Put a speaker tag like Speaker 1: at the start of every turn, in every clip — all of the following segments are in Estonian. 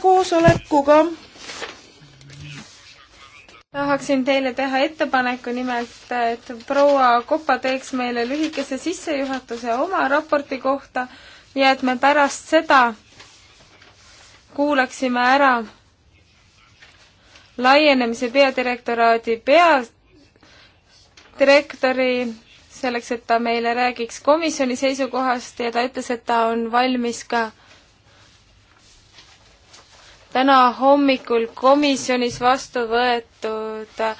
Speaker 1: koosolekuga
Speaker 2: tahaksin teile teha ettepaneku nimelt, et proua Kopa teeks meile lühikese sissejuhatuse oma raporti kohta ja et me pärast seda kuulaksime ära laienemise peadirektoraadi peadirektori, selleks et ta meile räägiks komisjoni seisukohast ja ta ütles, et ta on valmis ka täna hommikul komisjonis vastu võetud äh,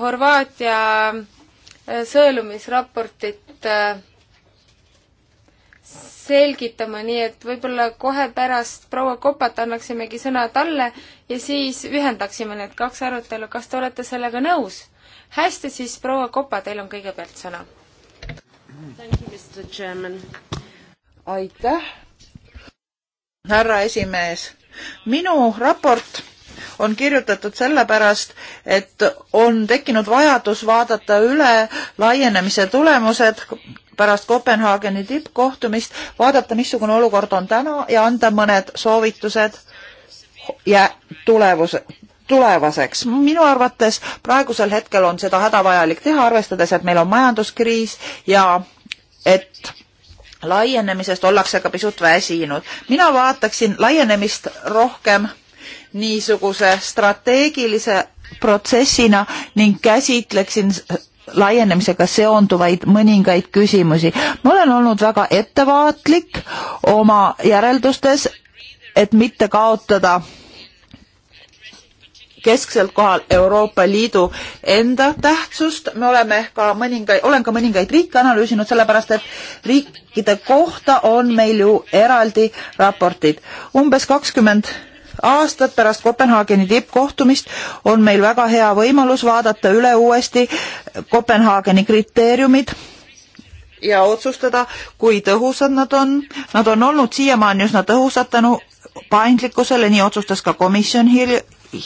Speaker 2: Horvaatia äh, sõelumisraportit äh, selgitama, nii et võib-olla kohe pärast proua Kopat annaksimegi sõna talle ja siis ühendaksime need kaks arutelu, kas te olete sellega nõus? hästi, siis
Speaker 3: proua Kopa, teil on kõigepealt sõna. aitäh, härra esimees minu raport on kirjutatud sellepärast, et on tekkinud vajadus vaadata üle laienemise tulemused pärast Kopenhaageni tippkohtumist, vaadata, missugune olukord on täna ja anda mõned soovitused ja tulevuse, tulevaseks. minu arvates praegusel hetkel on seda hädavajalik teha, arvestades, et meil on majanduskriis ja et laienemisest ollakse ka pisut väsinud. mina vaataksin laienemist rohkem niisuguse strateegilise protsessina ning käsitleksin laienemisega seonduvaid mõningaid küsimusi. ma olen olnud väga ettevaatlik oma järeldustes, et mitte kaotada keskselt kohal Euroopa Liidu enda tähtsust. me oleme ka mõningaid, olen ka mõningaid riike analüüsinud, sellepärast et riikide kohta on meil ju eraldi raportid. umbes kakskümmend aastat pärast Kopenhaageni tippkohtumist on meil väga hea võimalus vaadata üle uuesti Kopenhaageni kriteeriumid ja otsustada, kui tõhusad nad on. Nad on olnud siiamaani üsna tõhusad tänu paindlikkusele, nii otsustas ka komisjon hilj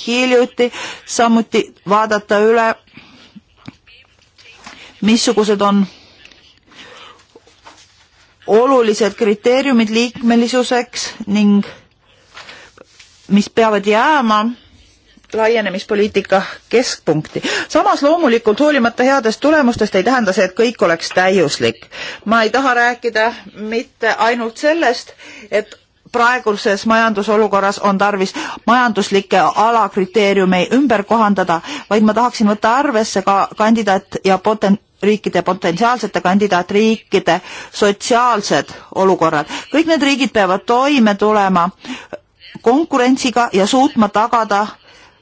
Speaker 3: hiljuti, samuti vaadata üle, missugused on olulised kriteeriumid liikmelisuseks ning mis peavad jääma laienemispoliitika keskpunkti. samas loomulikult hoolimata headest tulemustest ei tähenda see, et kõik oleks täiuslik. ma ei taha rääkida mitte ainult sellest, et praeguses majandusolukorras on tarvis majanduslikke alakriteeriume ümber kohandada, vaid ma tahaksin võtta arvesse ka kandidaat ja poten-, riikide, potentsiaalsete kandidaatriikide sotsiaalsed olukorrad. kõik need riigid peavad toime tulema konkurentsiga ja suutma tagada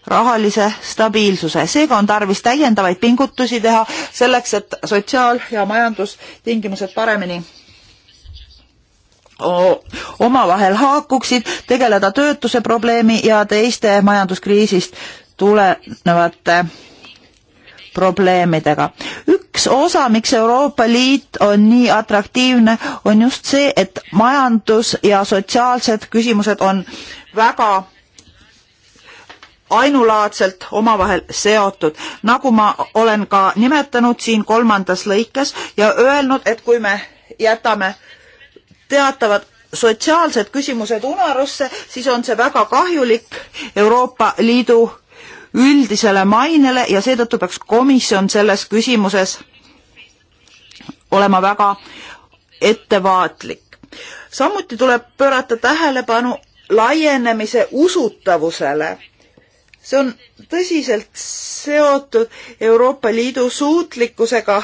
Speaker 3: rahalise stabiilsuse. seega on tarvis täiendavaid pingutusi teha selleks, et sotsiaal- ja majandustingimused paremini omavahel haakuksid, tegeleda töötuse probleemi ja teiste majanduskriisist tulenevate probleemidega. üks osa, miks Euroopa Liit on nii atraktiivne, on just see, et majandus ja sotsiaalsed küsimused on väga ainulaadselt omavahel seotud, nagu ma olen ka nimetanud siin kolmandas lõikes ja öelnud, et kui me jätame teatavad sotsiaalsed küsimused unarusse, siis on see väga kahjulik Euroopa Liidu üldisele mainele ja seetõttu peaks komisjon selles küsimuses olema väga ettevaatlik. samuti tuleb pöörata tähelepanu laienemise usutavusele. see on tõsiselt seotud Euroopa Liidu suutlikkusega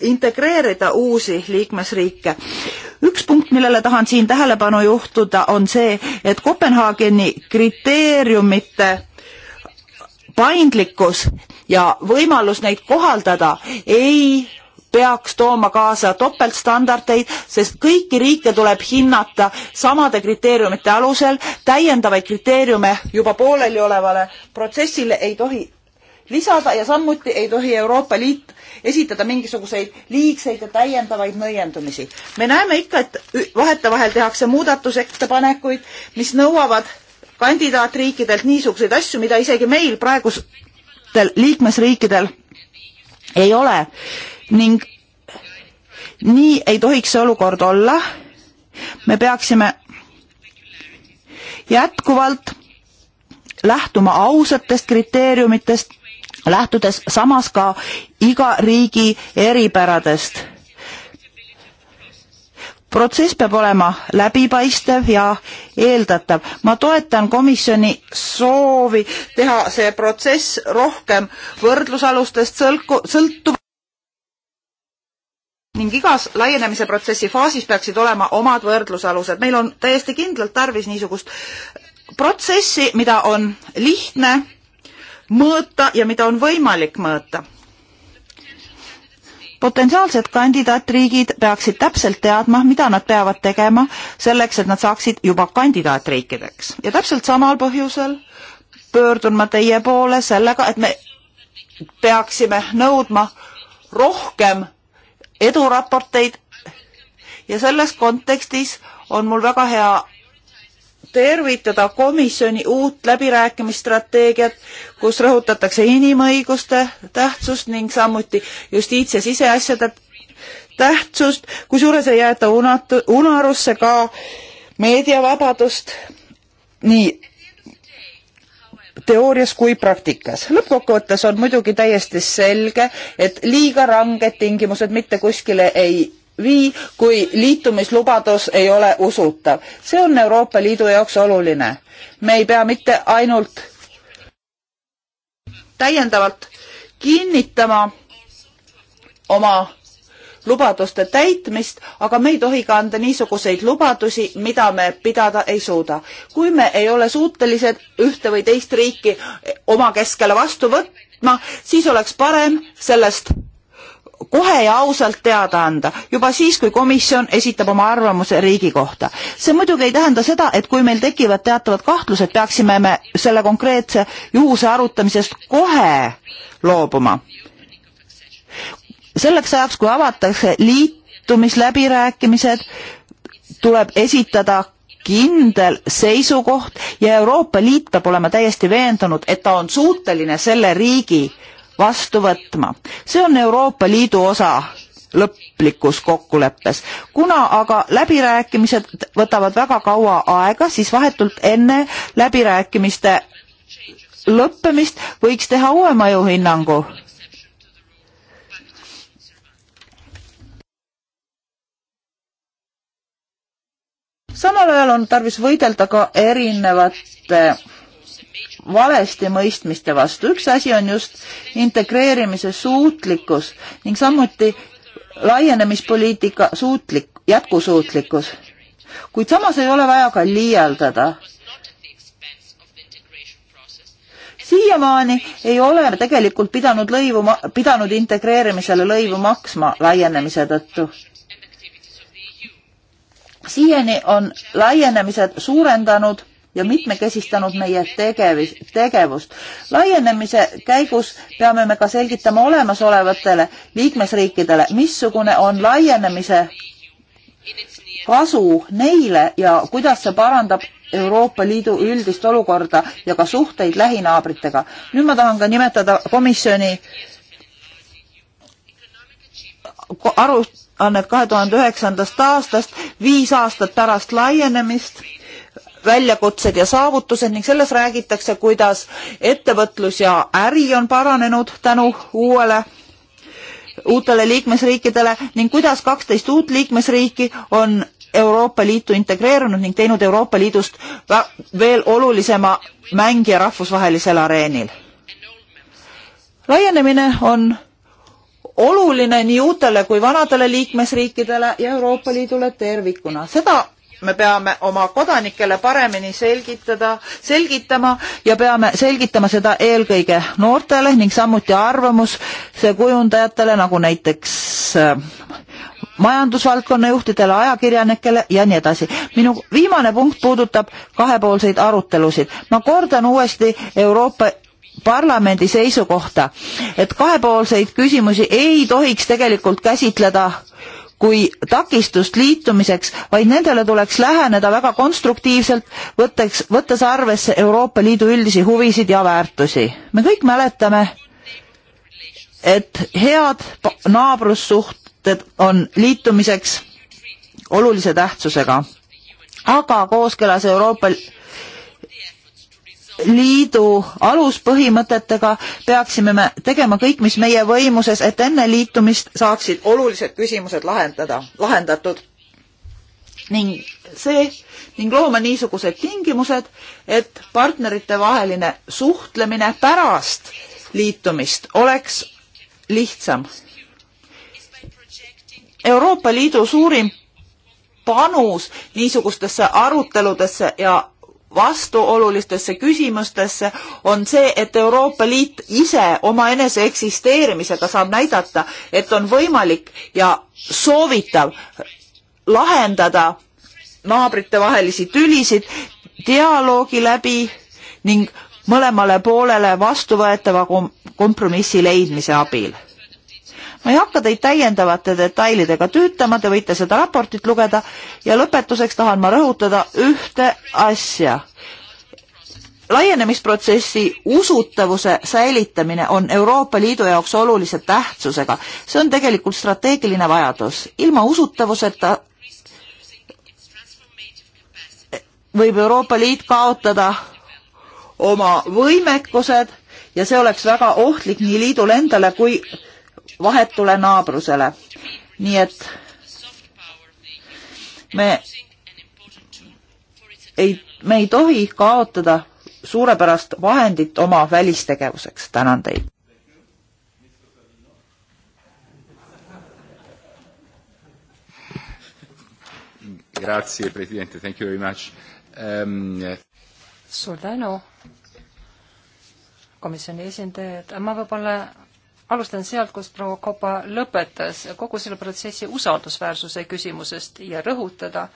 Speaker 3: integreerida uusi liikmesriike üks punkt, millele tahan siin tähelepanu juhtuda, on see, et Kopenhaageni kriteeriumite paindlikkus ja võimalus neid kohaldada ei peaks tooma kaasa topeltstandardeid, sest kõiki riike tuleb hinnata samade kriteeriumite alusel, täiendavaid kriteeriume juba pooleli olevale protsessile ei tohi lisada ja samuti ei tohi Euroopa Liit esitada mingisuguseid liigseid ja täiendavaid nõiendumisi. me näeme ikka, et vahetevahel tehakse muudatusettepanekuid, mis nõuavad kandidaatriikidelt niisuguseid asju, mida isegi meil praegustel liikmesriikidel ei ole ning nii ei tohiks see olukord olla. me peaksime jätkuvalt lähtuma ausatest kriteeriumitest lähtudes samas ka iga riigi eripäradest. protsess peab olema läbipaistev ja eeldatav. ma toetan komisjoni soovi teha see protsess rohkem võrdlusalustest sõlku, sõltuv ning igas laienemise protsessi faasis peaksid olema omad võrdlusalused. meil on täiesti kindlalt tarvis niisugust protsessi, mida on lihtne mõõta ja mida on võimalik mõõta. potentsiaalsed kandidaatriigid peaksid täpselt teadma, mida nad peavad tegema selleks, et nad saaksid juba kandidaatriikideks ja täpselt samal põhjusel pöördun ma teie poole sellega, et me peaksime nõudma rohkem eduraporteid ja selles kontekstis on mul väga hea tervitada komisjoni uut läbirääkimisstrateegiat, kus rõhutatakse inimõiguste tähtsust ning samuti justiits- ja siseasjade tähtsust, kusjuures ei jäeta unatu-, unarusse ka meediavabadust nii teoorias kui praktikas. lõppkokkuvõttes on muidugi täiesti selge, et liiga ranged tingimused mitte kuskile ei vii, kui liitumislubadus ei ole usutav. see on Euroopa Liidu jaoks oluline. me ei pea mitte ainult täiendavalt kinnitama oma lubaduste täitmist, aga me ei tohi ka anda niisuguseid lubadusi, mida me pidada ei suuda. kui me ei ole suutelised ühte või teist riiki oma keskele vastu võtma, siis oleks parem sellest kohe ja ausalt teada anda, juba siis, kui komisjon esitab oma arvamuse riigi kohta. see muidugi ei tähenda seda, et kui meil tekivad teatavad kahtlused, peaksime me selle konkreetse juhuse arutamisest kohe loobuma. selleks ajaks, kui avatakse liitumisläbirääkimised, tuleb esitada kindel seisukoht ja Euroopa Liit peab olema täiesti veendunud, et ta on suuteline selle riigi vastu võtma. see on Euroopa Liidu osa lõplikus kokkuleppes. kuna aga läbirääkimised võtavad väga kaua aega, siis vahetult enne läbirääkimiste lõppemist võiks teha uue mõjuhinnangu samal ajal on tarvis võidelda ka erinevate valesti mõistmiste vastu. üks asi on just integreerimise suutlikkus ning samuti laienemispoliitika suutlik, jätkusuutlikkus. kuid samas ei ole vaja ka liialdada. siiamaani ei ole tegelikult pidanud lõivu, pidanud integreerimisele lõivu maksma laienemise tõttu siiani on laienemised suurendanud ja mitmekesistanud meie tegevis, tegevust. laienemise käigus peame me ka selgitama olemasolevatele liikmesriikidele, missugune on laienemise kasu neile ja kuidas see parandab Euroopa Liidu üldist olukorda ja ka suhteid lähinaabritega. nüüd ma tahan ka nimetada komisjoni aruannet kahe tuhande üheksandast aastast, viis aastat pärast laienemist väljakutsed ja saavutused ning selles räägitakse, kuidas ettevõtlus ja äri on paranenud tänu uuele uutele liikmesriikidele ning kuidas kaksteist uut liikmesriiki on Euroopa Liitu integreerunud ning teinud Euroopa Liidust veel olulisema mängija rahvusvahelisel areenil. laienemine on oluline nii uutele kui vanadele liikmesriikidele ja Euroopa Liidule tervikuna. seda me peame oma kodanikele paremini selgitada, selgitama ja peame selgitama seda eelkõige noortele ning samuti arvamuse kujundajatele, nagu näiteks äh, majandusvaldkonna juhtidele, ajakirjanikele ja nii edasi. minu viimane punkt puudutab kahepoolseid arutelusid. ma kordan uuesti Euroopa parlamendi seisukohta, et kahepoolseid küsimusi ei tohiks tegelikult käsitleda äh, kui takistust liitumiseks, vaid nendele tuleks läheneda väga konstruktiivselt, võttes, võttes arvesse Euroopa Liidu üldisi huvisid ja väärtusi. me kõik mäletame, et head naabrussuhted on liitumiseks olulise tähtsusega, aga kooskõlas Euroopa liidu aluspõhimõtetega peaksime me tegema kõik, mis meie võimuses, et enne liitumist saaksid olulised küsimused lahendada, lahendatud. ning see ning looma niisugused tingimused, et partnerite vaheline suhtlemine pärast liitumist oleks lihtsam. Euroopa Liidu suurim panus niisugustesse aruteludesse ja vastuolulistesse küsimustesse, on see, et Euroopa Liit ise omaenese eksisteerimisega saab näidata, et on võimalik ja soovitav lahendada naabritevahelisi tülisid dialoogi läbi ning mõlemale poolele vastuvõetava kompromissi leidmise abil ma ei hakka teid täiendavate detailidega tüütama, te võite seda raportit lugeda ja lõpetuseks tahan ma rõhutada ühte asja. laienemisprotsessi usutavuse säilitamine on Euroopa Liidu jaoks olulise tähtsusega. see on tegelikult strateegiline vajadus. ilma usutavuseta võib Euroopa Liit kaotada oma võimekused ja see oleks väga ohtlik nii liidule endale kui vahetule naabrusele. nii et me ei, me ei tohi kaotada suurepärast vahendit oma välistegevuseks. tänan teid.
Speaker 1: Grazie Presidente, thank you very much um,. Ehm, yeah. suur tänu, komisjoni esindajad, ma võib-olla alustan sealt, kus proua Kopa lõpetas, kogu selle protsessi usaldusväärsuse küsimusest ja rõhutada,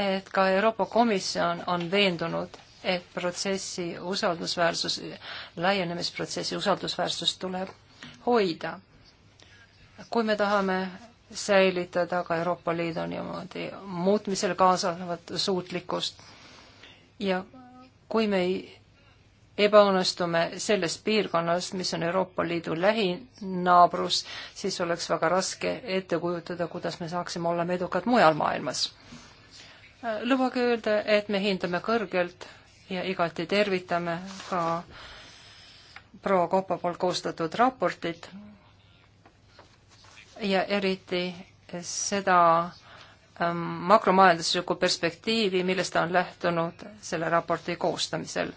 Speaker 1: et ka Euroopa Komisjon on veendunud, et protsessi usaldusväärsus, laienemisprotsessi usaldusväärsust tuleb hoida. kui me tahame säilitada ka Euroopa Liidu niimoodi muutmisel kaasavat suutlikkust ja kui me ei ebaõnnestume selles piirkonnas, mis on Euroopa Liidu lähinaabrus, siis oleks väga raske ette kujutada, kuidas me saaksime olla edukad mujal maailmas. lubage öelda, et me hindame kõrgelt ja igati tervitame ka proua Kopa poolt koostatud raportit ja eriti seda ähm, makromajanduslikku perspektiivi, millest ta on lähtunud selle raporti koostamisel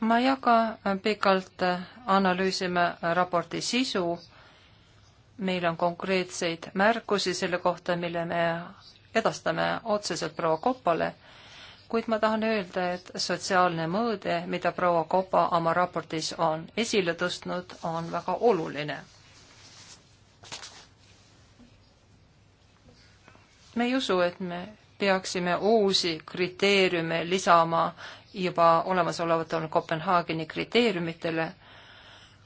Speaker 1: ma ei hakka äh, pikalt äh, analüüsima äh, raporti sisu. meil on konkreetseid märkusi selle kohta, mille me edastame otseselt proua Kopale, kuid ma tahan öelda, et sotsiaalne mõõde, mida proua Kopa oma raportis on esile tõstnud, on väga oluline. me ei usu, et me peaksime uusi kriteeriume lisama juba olemasolevatele Kopenhaageni kriteeriumitele,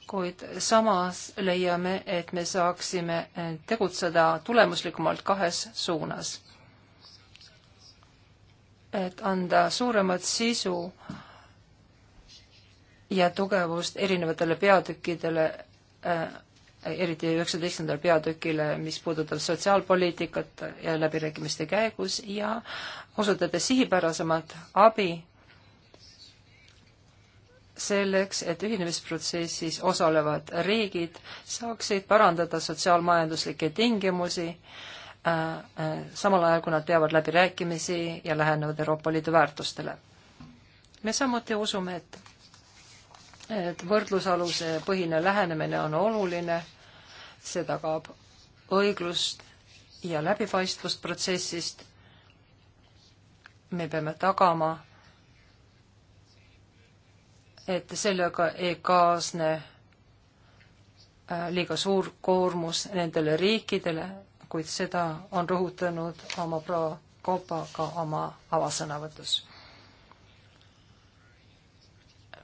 Speaker 1: kuid samas leiame, et me saaksime tegutseda tulemuslikumalt kahes suunas. et anda suuremat sisu ja tugevust erinevatele peatükkidele äh,, eriti üheksateistkümnendale peatükile, mis puudutab sotsiaalpoliitikat ja läbirääkimiste käigus ja osutades sihipärasemat abi selleks, et ühinemisprotsessis osalevad riigid saaksid parandada sotsiaalmajanduslikke tingimusi, äh, äh, samal ajal kui nad peavad läbirääkimisi ja lähenevad Euroopa Liidu väärtustele. me samuti usume, et, et võrdlusaluse põhine lähenemine on oluline, see tagab õiglust ja läbipaistvust protsessist, me peame tagama et sellega ei kaasne äh, liiga suur koormus nendele riikidele, kuid seda on rõhutanud oma proua Kopa ka oma avasõnavõtus.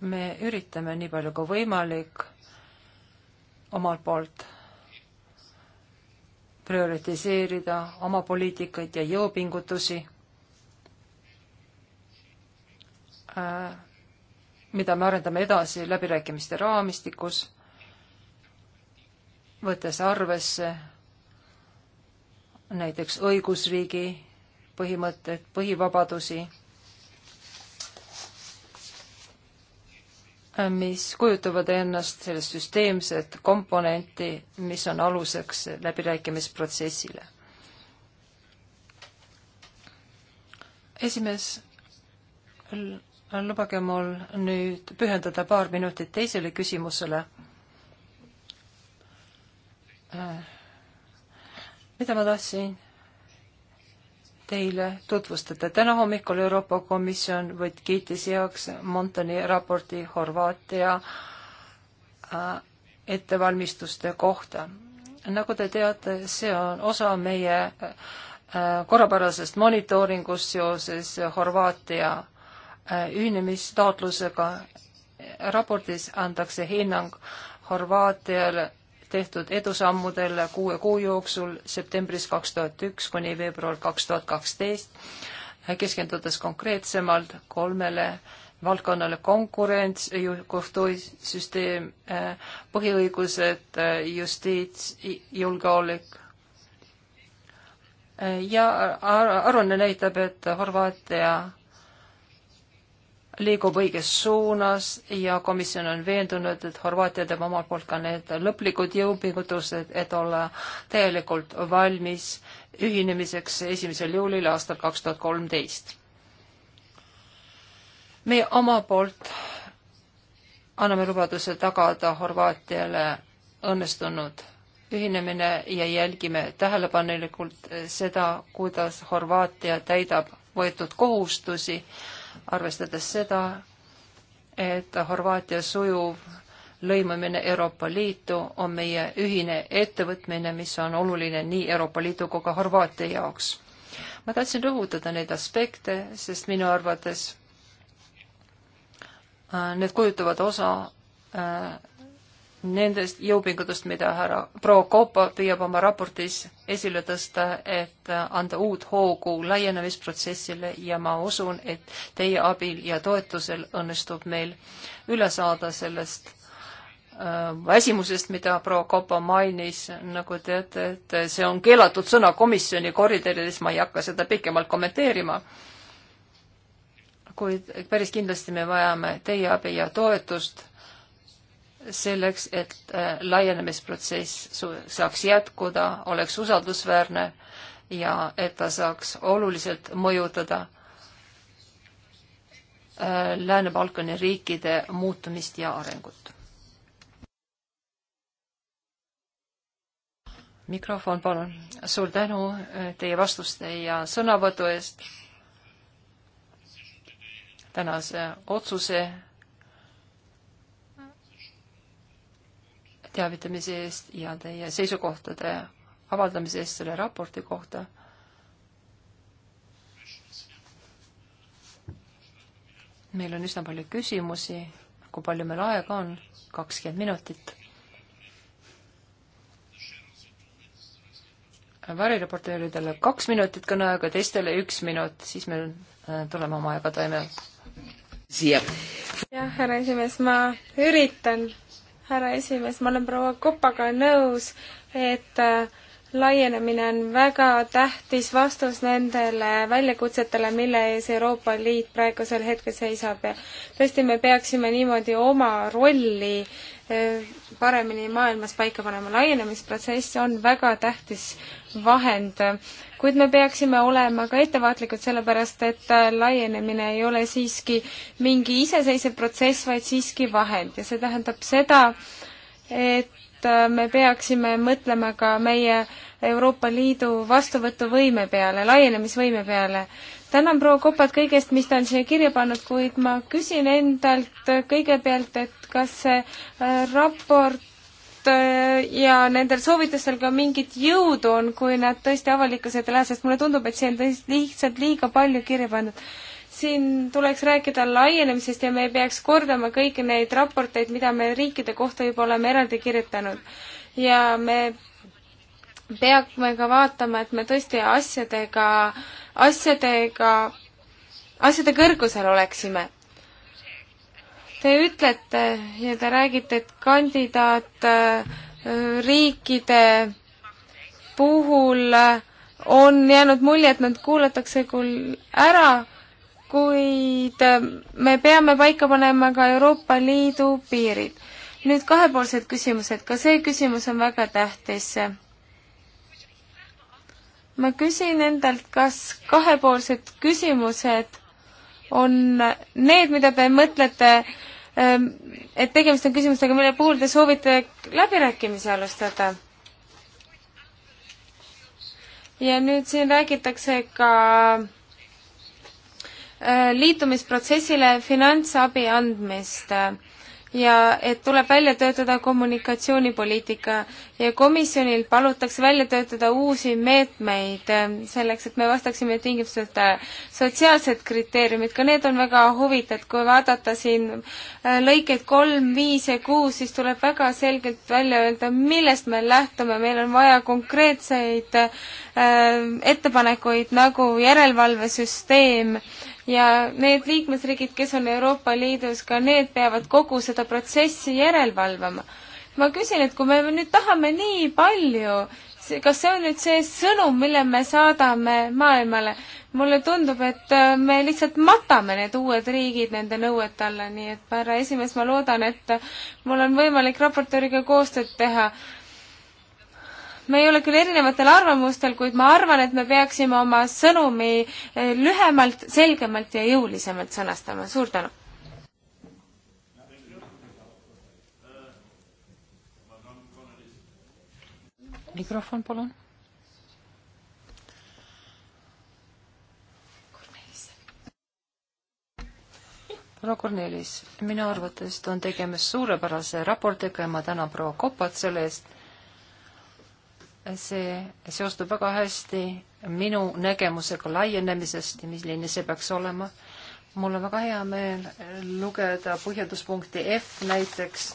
Speaker 1: me üritame nii palju kui võimalik omalt poolt prioritiseerida oma poliitikaid ja jõupingutusi äh, mida me arendame edasi läbirääkimiste raamistikus, võttes arvesse näiteks õigusriigi põhimõtted, põhivabadusi, mis kujutavad ennast sellest süsteemset komponenti, mis on aluseks läbirääkimisprotsessile. esimees lubage mul nüüd pühendada paar minutit teisele küsimusele. Äh, mida ma tahtsin teile tutvustada. täna hommikul Euroopa Komisjon võtt kiitis heaks Montani raporti Horvaatia äh, ettevalmistuste kohta. nagu te teate, see on osa meie äh, korrapärasest monitooringust seoses Horvaatia ühinemistaotlusega. raportis antakse hinnang Horvaatiale tehtud edusammudele kuue kuu jooksul septembris kaks tuhat üks kuni veebruar kaks tuhat kaksteist, keskendudes konkreetsemalt kolmele valdkonnale konkurents, kohtusüsteem, põhiõigused, justiits, julgeolek ja aruanne näitab, et Horvaatia liigub õiges suunas ja komisjon on veendunud, et Horvaatia teeb omalt poolt ka need lõplikud jõupingutused, et olla täielikult valmis ühinemiseks esimesel juulil aastal kaks tuhat kolmteist. meie oma poolt anname lubaduse tagada Horvaatiale õnnestunud ühinemine ja jälgime tähelepanelikult seda, kuidas Horvaatia täidab võetud kohustusi äh, arvestades seda, et Horvaatia sujuv lõimumine Euroopa Liitu on meie ühine ettevõtmine, mis on oluline nii Euroopa Liidu kui ka Horvaatia jaoks. ma tahtsin rõhutada neid aspekte, sest minu arvates äh, need kujutavad osa äh, nendest jõupingutust, mida härra proua Koopa püüab oma raportis esile tõsta, et anda uut hoogu laienemisprotsessile ja ma usun, et teie abil ja toetusel õnnestub meil üle saada sellest äh, väsimusest, mida proua Koopa mainis, nagu teate, et see on keelatud sõna komisjoni koridorides, ma ei hakka seda pikemalt kommenteerima kuid päris kindlasti me vajame teie abi ja toetust selleks, et äh, laienemisprotsess saaks jätkuda, oleks usaldusväärne ja et ta saaks oluliselt mõjutada äh, Lääne-Balkani riikide muutumist ja arengut. mikrofon, palun. suur tänu äh, teie vastuste ja sõnavõtu eest tänase otsuse teavitamise eest ja teie seisukohtade avaldamise eest selle raporti kohta. meil on üsna palju küsimusi, kui palju meil aega on, kakskümmend minutit. varireportööridele kaks minutit kõneaega, teistele üks minut, siis me äh, tuleme oma aega toime.
Speaker 2: jah, härra esimees, ma üritan härra esimees, ma olen proua Kopaga nõus, et äh, laienemine on väga tähtis vastus nendele väljakutsetele, mille ees Euroopa Liit praegusel hetkel seisab ja tõesti, me peaksime niimoodi oma rolli äh, paremini maailmas paika panema. laienemisprotsess on väga tähtis vahend, kuid me peaksime olema ka ettevaatlikud, sellepärast et laienemine ei ole siiski mingi iseseisev protsess, vaid siiski vahend ja see tähendab seda, et me peaksime mõtlema ka meie Euroopa Liidu vastuvõtuvõime peale, laienemisvõime peale tänan proua Kopat kõigest, mis ta on siia kirja pannud, kuid ma küsin endalt kõigepealt, et kas see äh, raport äh, ja nendel soovitustel ka mingit jõudu on, kui nad tõesti avalikkuse ette lähevad, sest mulle tundub, et siia on tõesti lihtsalt liiga palju kirja pandud. siin tuleks rääkida laienemisest ja me ei peaks kordama kõiki neid raporteid, mida me riikide kohta juba oleme eraldi kirjutanud. ja me peame ka vaatama, et me tõesti asjadega, asjadega, asjade kõrgusel oleksime. Te ütlete ja te räägite, et kandidaatriikide äh, puhul äh, on jäänud mulje, et nad kuulatakse küll ära, kuid äh, me peame paika panema ka Euroopa Liidu piirid. nüüd kahepoolsed küsimused, ka see küsimus on väga tähtis ma küsin endalt, kas kahepoolsed küsimused on need, mida te mõtlete, ähm, et tegemist on küsimustega, mille puhul te soovite läbirääkimisi alustada? ja nüüd siin räägitakse ka äh, liitumisprotsessile finantsabi andmist ja et tuleb välja töötada kommunikatsioonipoliitika ja komisjonil palutakse välja töötada uusi meetmeid ähm, selleks, et me vastaksime tingimused, sotsiaalsed kriteeriumid, ka need on väga huvitavad, kui vaadata siin äh, lõikeid kolm, viis ja kuus, siis tuleb väga selgelt välja öelda, millest me lähtume, meil on vaja konkreetseid äh, ettepanekuid nagu järelevalvesüsteem ja need liikmesriigid, kes on Euroopa Liidus, ka need peavad kogu seda protsessi järelevalvama. ma küsin, et kui me nüüd tahame nii palju, kas see on nüüd see sõnum, mille me saadame maailmale? mulle tundub, et äh, me lihtsalt matame need uued riigid nende nõuete alla, nii et härra esimees, ma loodan, et äh, mul on võimalik raportööriga koostööd teha me ei ole küll erinevatel arvamustel, kuid ma arvan, et me peaksime oma sõnumi eh, lühemalt, selgemalt ja jõulisemalt sõnastama. suur tänu!
Speaker 1: mikrofon, palun. proua Kornelis, minu arvates on tegemist suurepärase raportiga ja ma tänan proua Kopat selle eest see seostub väga hästi minu nägemusega laienemisest ja milline see peaks olema. mul on väga hea meel lugeda põhjenduspunkti F näiteks,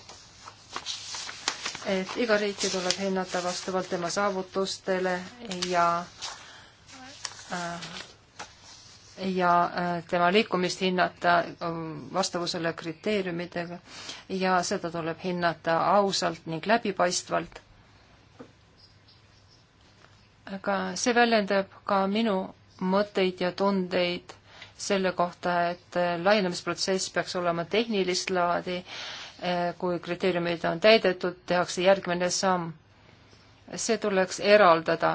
Speaker 1: et iga riiki tuleb hinnata vastavalt tema saavutustele ja äh, ja äh, tema liikumist hinnata äh, vastavusele kriteeriumidega ja seda tuleb hinnata ausalt ning läbipaistvalt aga see väljendab ka minu mõtteid ja tundeid selle kohta, et äh, laienemisprotsess peaks olema tehnilist laadi, äh, kui kriteeriumid on täidetud, tehakse järgmine samm. see tuleks eraldada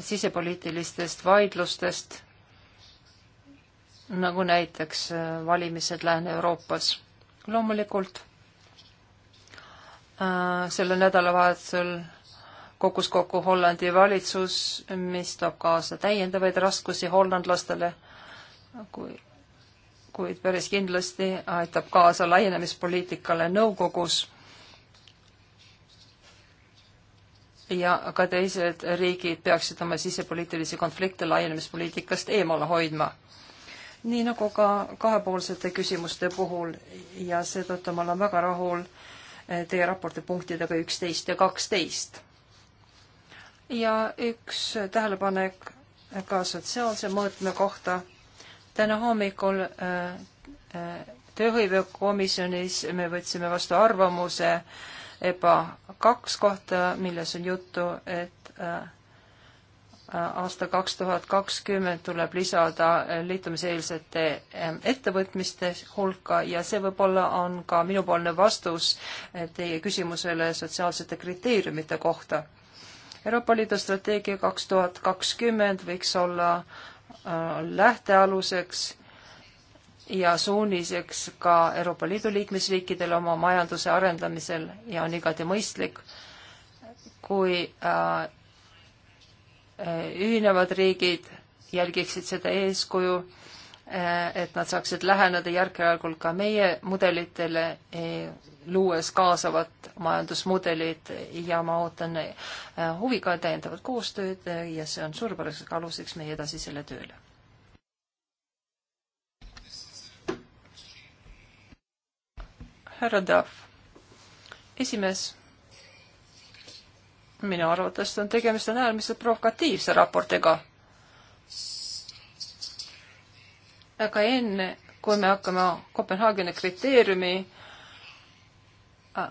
Speaker 1: sisepoliitilistest vaidlustest, nagu näiteks äh, valimised Lääne-Euroopas. loomulikult sellel nädalavahetusel kukkus kokku Hollandi valitsus, mis toob kaasa täiendavaid raskusi hollandlastele, kui, kuid päris kindlasti aitab kaasa laienemispoliitikale nõukogus ja ka teised riigid peaksid oma sisepoliitilisi konflikte laienemispoliitikast eemale hoidma. nii nagu ka kahepoolsete küsimuste puhul ja seetõttu ma olen väga rahul eh, teie raporti punktidega üksteist ja kaksteist ja üks tähelepanek ka sotsiaalse mõõtme kohta. täna hommikul äh, äh, tööhõivekomisjonis me võtsime vastu arvamuse EBA kaks kohta, milles on juttu, et äh, äh, aasta kaks tuhat kakskümmend tuleb lisada liitumiseelsete äh, ettevõtmiste hulka ja see võib-olla on ka minupoolne vastus äh, teie küsimusele sotsiaalsete kriteeriumite kohta Euroopa Liidu strateegia kaks tuhat kakskümmend võiks olla äh, lähtealuseks ja suuniseks ka Euroopa Liidu liikmesriikidele oma majanduse arendamisel ja on igati mõistlik, kui äh, äh, ühinevad riigid jälgiksid seda eeskuju Eh, et nad saaksid läheneda järk-järgult ka meie mudelitele, eh, luues kaasavat majandusmudelit ja ma ootan eh, huviga täiendavat koostööd ja see on suurepäraseks aluseks meie edasisele tööle. härra Tahv, esimees, minu arvates on tegemist on äärmiselt provokatiivse raportiga aga enne, kui me hakkame Kopenhaageni kriteeriumi äh,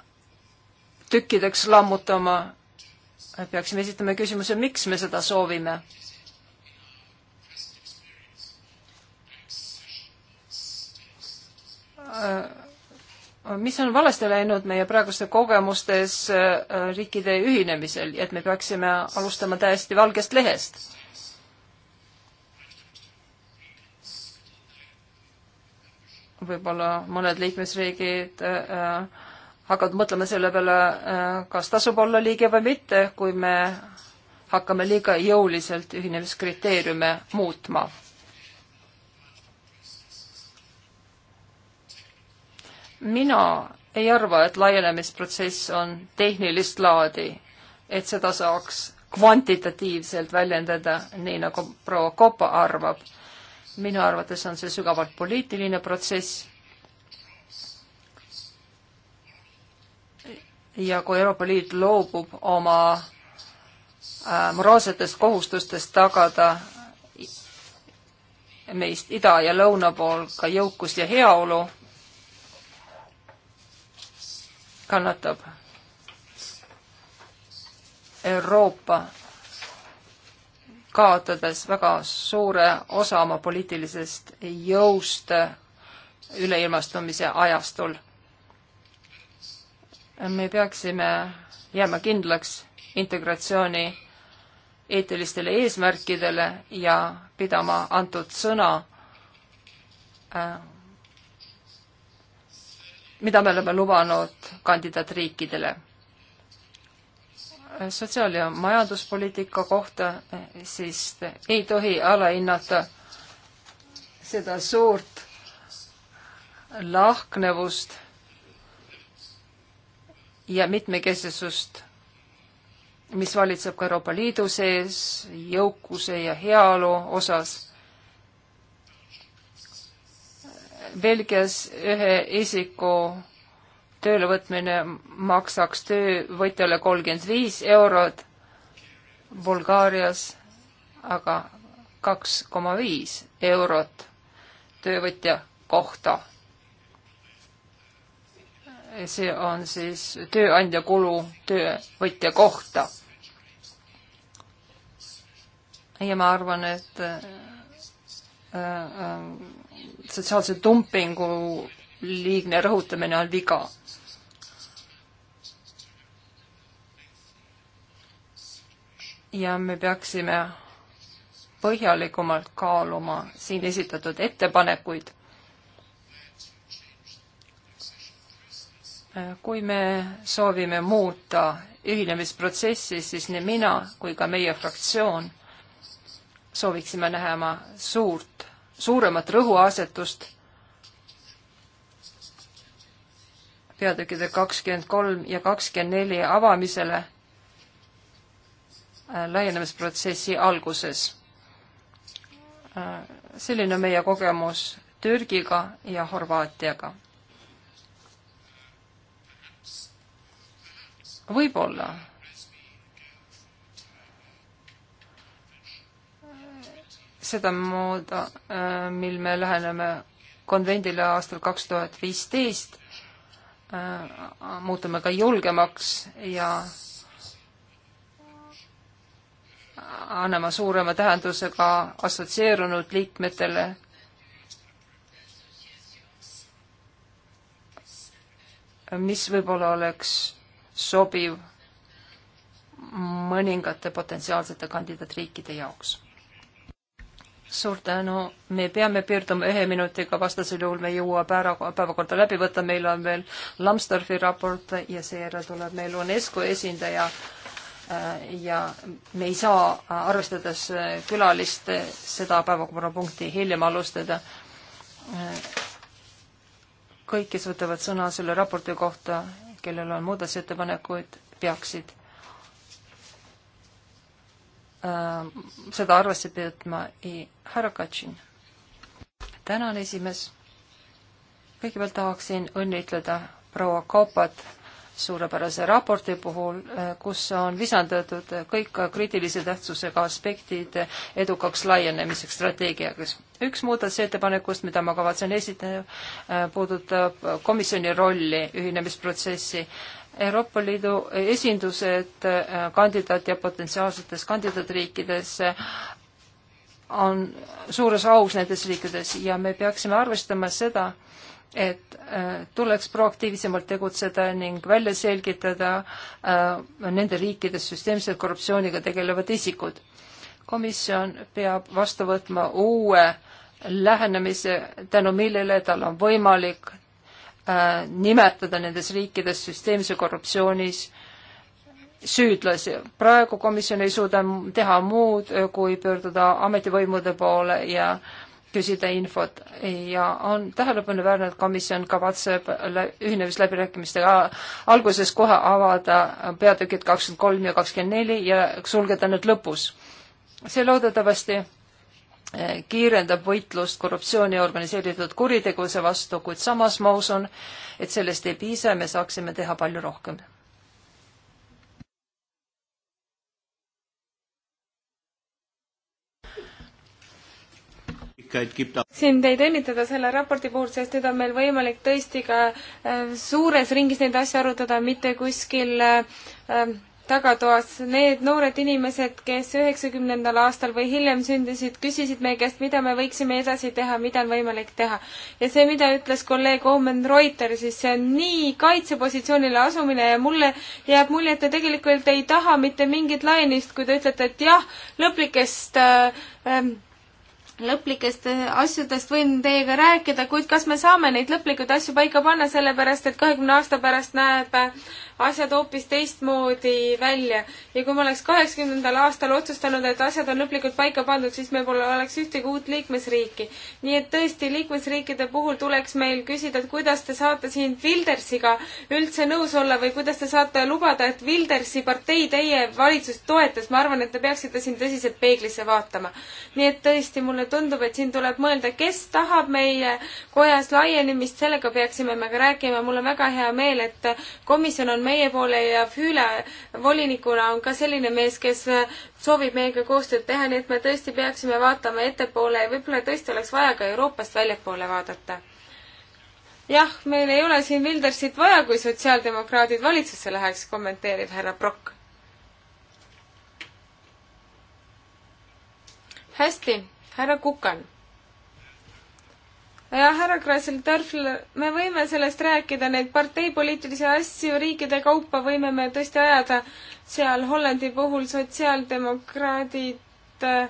Speaker 1: tükkideks lammutama, peaksime esitama küsimuse, miks me seda soovime. Äh, mis on valesti läinud meie praeguste kogemustes äh, riikide ühinemisel, et me peaksime alustama täiesti valgest lehest võib-olla mõned liikmesriigid äh, äh, hakkavad mõtlema selle peale äh,, kas tasub olla liige või mitte, kui me hakkame liiga jõuliselt ühinemiskriteeriume muutma. mina ei arva, et laienemisprotsess on tehnilist laadi, et seda saaks kvantitatiivselt väljendada, nii nagu proua Kopa arvab minu arvates on see sügavalt poliitiline protsess. ja kui Euroopa Liit loobub oma äh, moraalsetest kohustustest tagada meist ida ja lõuna pool ka jõukus ja heaolu, kannatab Euroopa kaotades väga suure osa oma poliitilisest jõust üleilmastumise ajastul. me peaksime jääma kindlaks integratsiooni eetilistele eesmärkidele ja pidama antud sõna, äh, mida me oleme lubanud kandidaatriikidele sotsiaal- ja majanduspoliitika kohta, siis ei tohi alahinnata seda suurt lahknevust ja mitmekesisust, mis valitseb ka Euroopa Liidu sees jõukuse ja heaolu osas. Belgias ühe isiku töölevõtmine maksaks töövõtjale kolmkümmend viis eurot, Bulgaarias aga kaks koma viis eurot töövõtja kohta. see on siis tööandja kulu töövõtja kohta. ja ma arvan, et äh, äh, sotsiaalse dumpingu liigne rõhutamine on viga ja me peaksime põhjalikumalt kaaluma siin esitatud ettepanekuid. kui me soovime muuta ühinemisprotsessi, siis nii mina kui ka meie fraktsioon sooviksime näha suurt, suuremat rõhuasetust peatükkide kakskümmend kolm ja kakskümmend neli avamisele Äh, laienemisprotsessi alguses. Äh, selline on meie kogemus Türgiga ja Horvaatiaga. võib-olla äh, seda mooda, mil me läheneme konvendile aastal kaks tuhat viisteist, muutume ka julgemaks ja annama suurema tähenduse ka assotsieerunud liikmetele. mis võib-olla oleks sobiv mõningate potentsiaalsete kandidaatriikide jaoks. suur tänu, me peame piirduma ühe minutiga, vastasel juhul me ei jõua päeva, päevakorda läbi võtta, meil on veel Lambsdorfi raport ja seejärel tuleb meil UNESCO esindaja Äh, ja me ei saa, äh, arvestades äh, külalist, seda päevakorrapunkti hiljem alustada. kõik, kes võtavad sõna selle raporti kohta, kellel on muudatusettepanekuid, peaksid seda arvesse pidama ei härra Katšin. tänan, esimees. kõigepealt tahaksin õnnitleda proua Kaupat suurepärase raporti puhul, äh, kus on visandatud kõik kriitilise tähtsusega aspektid edukaks laienemiseks strateegiaks. üks muudatusettepanekust, mida ma kavatsen esitada, äh, puudutab komisjoni rolli ühinemisprotsessi. Euroopa Liidu esindused äh, kandidaat ja potentsiaalsetes kandidaatriikides on suures aus nendes riikides ja me peaksime arvestama seda, et äh, tuleks proaktiivsemalt tegutseda ning välja selgitada äh, nende riikides süsteemselt korruptsiooniga tegelevad isikud. komisjon peab vastu võtma uue lähenemise, tänu millele tal on võimalik äh, nimetada nendes riikides süsteemse korruptsioonis süüdlasi. praegu komisjon ei suuda teha muud, kui pöörduda ametivõimude poole ja äh, küsida infot ja on tähelepanuväärne, et komisjon kavatseb ühinemisläbirääkimistega alguses kohe avada peatükid kakskümmend kolm ja kakskümmend neli ja sulgeda need lõpus. see loodetavasti eh, kiirendab võitlust korruptsiooni ja organiseeritud kuritegevuse vastu, kuid samas ma usun, et sellest ei piisa, me saaksime teha palju rohkem
Speaker 2: siin teid õnnitleda selle raporti puhul, sest nüüd on meil võimalik tõesti ka äh, suures ringis neid asju arutada, mitte kuskil äh, tagatoas. Need noored inimesed, kes üheksakümnendal aastal või hiljem sündisid, küsisid meie käest, mida me võiksime edasi teha, mida on võimalik teha. ja see, mida ütles kolleeg Omen Reuter, siis see on nii kaitsepositsioonile asumine ja mulle jääb mulje, et te tegelikult ei taha mitte mingit lainist, kui te ütlete, et jah, lõplikest äh, äh, lõplikest eh, asjadest võin teiega rääkida, kuid kas me saame neid lõplikuid asju paika panna, sellepärast et kahekümne aasta pärast näeb eh, asjad hoopis teistmoodi välja. ja kui ma oleks kaheksakümnendal aastal otsustanud, et asjad on lõplikult paika pandud, siis meil pole oleks ühtegi uut liikmesriiki. nii et tõesti, liikmesriikide puhul tuleks meil küsida, et kuidas te saate siin Wildersiga üldse nõus olla või kuidas te saate lubada, et Wildersi partei teie valitsust toetas. ma arvan, et te peaksite siin tõsiselt peeglisse vaatama. nii et tõesti, mulle tundub, et siin tuleb mõelda, kes tahab meie kojas laienemist, sellega peaksime me ka rääkima. mul on väga hea meel, et komisjon on meie poole ja Füüle volinikuna on ka selline mees, kes soovib meiega koostööd teha, nii et me tõesti peaksime vaatama ettepoole ja võib-olla tõesti oleks vaja ka Euroopast väljapoole vaadata. jah, meil ei ole siin Wildersit vaja, kui sotsiaaldemokraadid valitsusse läheks, kommenteerib härra Brock. hästi härra Kukan. jah, härra Krasnodõrfler, me võime sellest rääkida, neid parteipoliitilisi asju riikide kaupa võime me tõesti ajada, seal Hollandi puhul sotsiaaldemokraadid äh,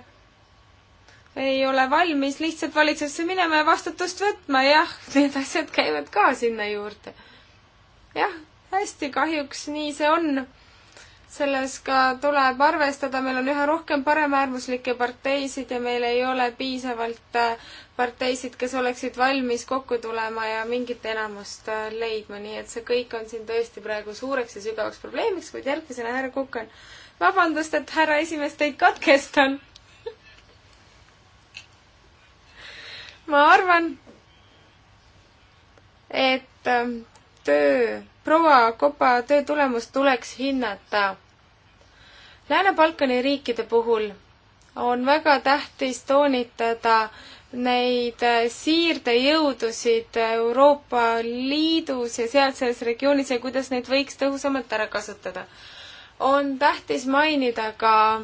Speaker 2: ei ole valmis lihtsalt valitsusse minema ja vastutust võtma, jah, need asjad käivad ka sinna juurde. jah, hästi, kahjuks nii see on selles ka tuleb arvestada, meil on üha rohkem paremäärmuslikke parteisid ja meil ei ole piisavalt äh, parteisid, kes oleksid valmis kokku tulema ja mingit enamust äh, leidma, nii et see kõik on siin tõesti praegu suureks ja sügavaks probleemiks, kuid järgmisena härra Kukan. vabandust, et härra esimees teid katkestan. ma arvan, et äh, töö proua Kopa töö tulemust tuleks hinnata. Lääne-Balkani riikide puhul on väga tähtis toonitada neid siirdejõudusid Euroopa Liidus ja sealses regioonis ja kuidas neid võiks tõhusamalt ära kasutada. on tähtis mainida ka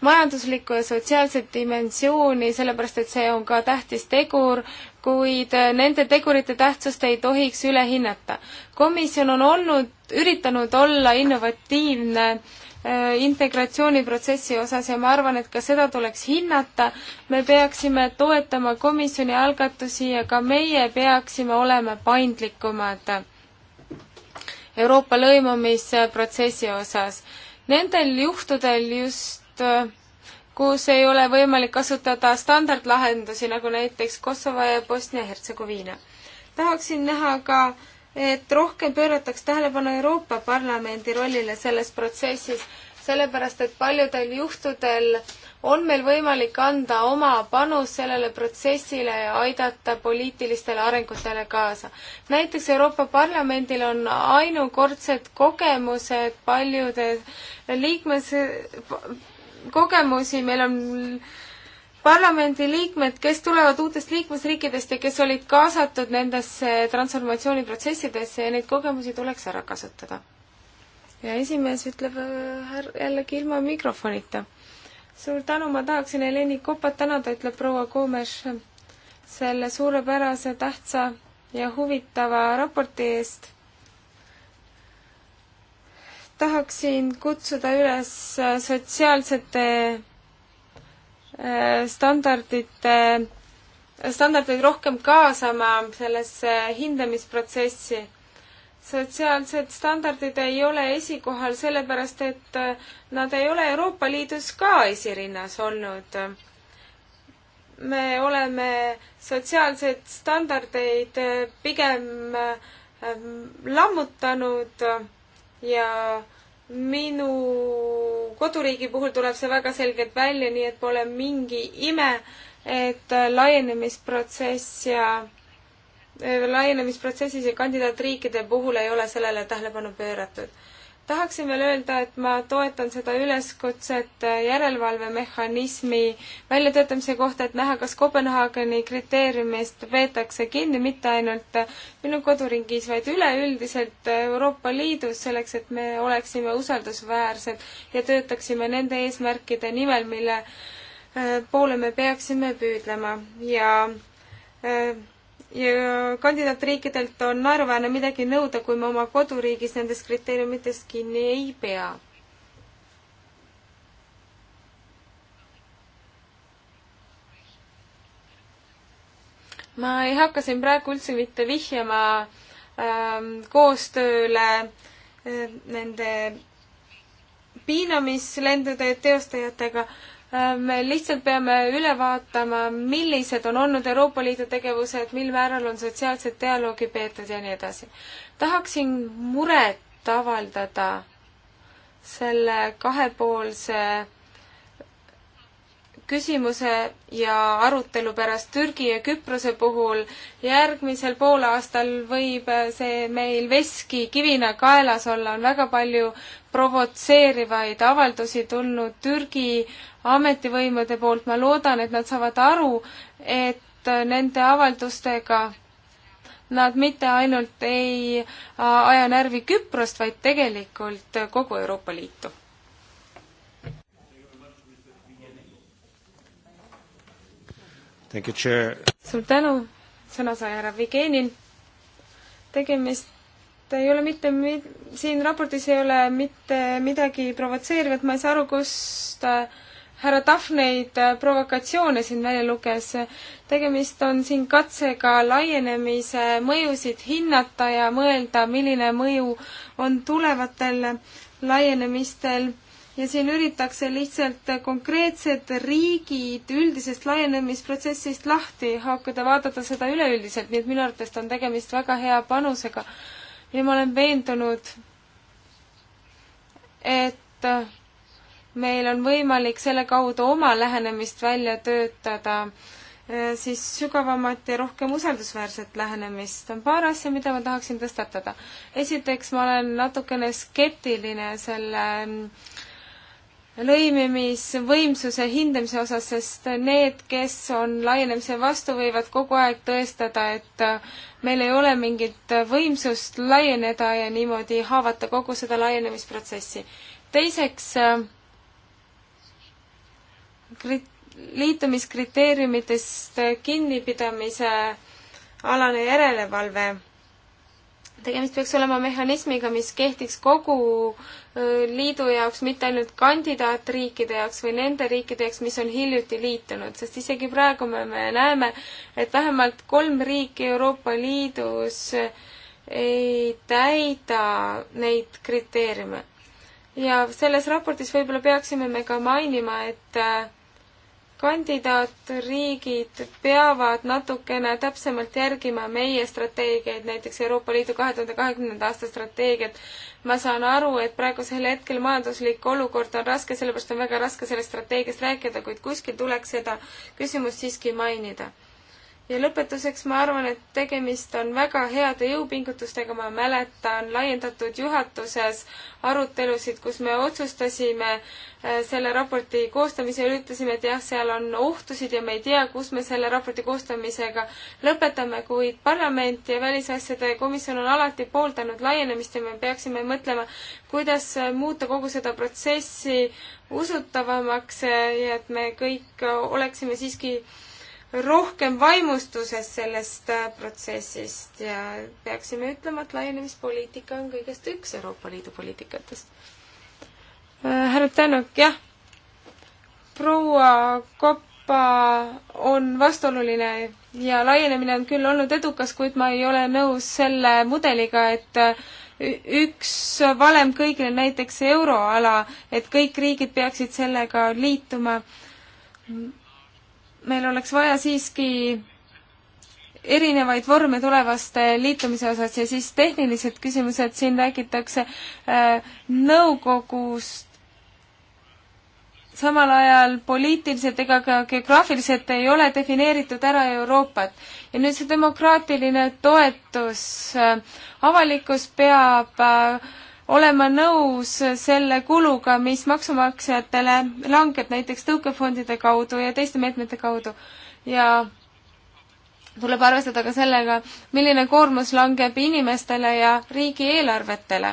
Speaker 2: majanduslikku ja sotsiaalset dimensiooni, sellepärast et see on ka tähtis tegur, kuid eh, nende tegurite tähtsust ei tohiks üle hinnata. komisjon on olnud, üritanud olla innovatiivne äh, integratsiooniprotsessi osas ja ma arvan, et ka seda tuleks hinnata. me peaksime toetama komisjoni algatusi ja ka meie peaksime olema paindlikumad Euroopa lõimumisprotsessi osas. Nendel juhtudel just äh, kus ei ole võimalik kasutada standardlahendusi, nagu näiteks Kosovo ja Bosnia-Hertsegoviina. tahaksin näha ka, et rohkem pöörataks tähelepanu Euroopa Parlamendi rollile selles protsessis, sellepärast et paljudel juhtudel on meil võimalik anda oma panus sellele protsessile ja aidata poliitilistele arengutele kaasa. näiteks Euroopa Parlamendil on ainukordsed kogemused paljude liikmes, kogemusi, meil on parlamendiliikmed, kes tulevad uutest liikmesriikidest ja kes olid kaasatud nendesse transformatsiooniprotsessidesse ja neid kogemusi tuleks ära kasutada. ja esimees ütleb äh, jällegi ilma mikrofonita. suur tänu, ma tahaksin Heleni Kopat tänada, ütleb proua Koomes, selle suurepärase, tähtsa ja huvitava raporti eest tahaksin kutsuda üles äh, sotsiaalsete äh, standardite, äh, standardeid rohkem kaasama sellesse hindamisprotsessi. sotsiaalsed standardid ei ole esikohal sellepärast, et nad ei ole Euroopa Liidus ka esirinnas olnud. me oleme sotsiaalseid standardeid pigem lammutanud ja minu koduriigi puhul tuleb see väga selgelt välja, nii et pole mingi ime, et äh, laienemisprotsess ja äh, laienemisprotsessis ja kandidaatriikide puhul ei ole sellele tähelepanu pööratud tahaksin veel öelda, et ma toetan seda üleskutset järelevalvemehhanismi väljatöötamise kohta, et näha, kas Kopenhaageni kriteeriumist peetakse kinni mitte ainult minu koduringis, vaid üleüldiselt Euroopa Liidus, selleks et me oleksime usaldusväärsed ja töötaksime nende eesmärkide nimel, mille äh, poole me peaksime püüdlema ja äh, kandidaatriikidelt on naeruväärne midagi nõuda, kui me oma koduriigis nendest kriteeriumitest kinni ei pea. ma ei hakka siin praegu üldse mitte vihjama ähm, koostööle äh, nende piinamislendude teostajatega äh,, Äh, me lihtsalt peame üle vaatama, millised on olnud Euroopa Liidu tegevused, mil määral on sotsiaalset dialoogi peetud ja nii edasi. tahaksin muret avaldada selle kahepoolse küsimuse ja arutelu pärast Türgi ja Küprose puhul järgmisel poolaastal võib äh, see meil veski kivina kaelas olla, on väga palju provotseerivaid avaldusi tulnud Türgi ametivõimude poolt, ma loodan, et nad saavad aru, et äh, nende avaldustega nad mitte ainult ei äh, aja närvi Küprost, vaid tegelikult kogu Euroopa Liitu suur tänu, sõna sai härra Vigenin. tegemist ta ei ole mitte, siin raportis ei ole mitte midagi provotseerivat, ma ei saa aru, kust äh, härra Tahv neid äh, provokatsioone siin välja luges. tegemist on siin katsega laienemise mõjusid hinnata ja mõelda, milline mõju on tulevatel laienemistel ja siin üritatakse lihtsalt konkreetsed riigid üldisest laienemisprotsessist lahti hakata, vaadata seda üleüldiselt, nii et minu arvates on tegemist väga hea panusega. ja ma olen veendunud, et meil on võimalik selle kaudu oma lähenemist välja töötada, siis sügavamat ja rohkem usaldusväärset lähenemist. on paar asja, mida ma tahaksin tõstatada. esiteks, ma olen natukene skeptiline selle äh, lõimimisvõimsuse hindamise osas, sest need, kes on laienemise vastu, võivad kogu aeg tõestada, et meil ei ole mingit võimsust laieneda ja niimoodi haavata kogu seda laienemisprotsessi. teiseks, liitumiskriteeriumitest kinnipidamise alane järelevalve tegemist peaks olema mehhanismiga, mis kehtiks kogu liidu jaoks, mitte ainult kandidaatriikide jaoks või nende riikide jaoks, mis on hiljuti liitunud, sest isegi praegu me, me näeme, et vähemalt kolm riiki Euroopa Liidus ei täida neid kriteeriume. ja selles raportis võib-olla peaksime me ka mainima, et äh, kandidaatriigid peavad natukene täpsemalt järgima meie strateegiaid, näiteks Euroopa Liidu kahe tuhande kahekümnenda aasta strateegiat. ma saan aru, et praegusel hetkel majanduslik olukord on raske, sellepärast on väga raske sellest strateegiast rääkida, kuid kuskil tuleks seda küsimust siiski mainida ja lõpetuseks ma arvan, et tegemist on väga heade jõupingutustega, ma mäletan laiendatud juhatuses arutelusid, kus me otsustasime äh, selle raporti koostamise ja ütlesime, et jah, seal on ohtusid ja me ei tea, kus me selle raporti koostamisega lõpetame, kuid parlament ja välisasjade komisjon on alati pooldanud laienemist ja me peaksime mõtlema, kuidas muuta kogu seda protsessi usutavamaks ja et me kõik oleksime siiski rohkem vaimustuses sellest äh, protsessist ja peaksime ütlema, et laienemispoliitika on kõigest üks Euroopa Liidu poliitikatest. Äh, härra Tänak, jah, proua Koppa on vastuoluline ja laienemine on küll olnud edukas, kuid ma ei ole nõus selle mudeliga, et äh, üks valem kõigile, näiteks euroala, et kõik riigid peaksid sellega liituma meil oleks vaja siiski erinevaid vorme tulevaste liitumise osas ja siis tehnilised küsimused, siin räägitakse äh, nõukogust, samal ajal poliitiliselt ega ka geograafiliselt ei ole defineeritud ära Euroopat. ja nüüd see demokraatiline toetus äh,, avalikkus peab äh, olema nõus selle kuluga, mis maksumaksjatele langeb näiteks tõukefondide kaudu ja teiste meetmete kaudu. ja tuleb arvestada ka sellega, milline koormus langeb inimestele ja riigieelarvetele.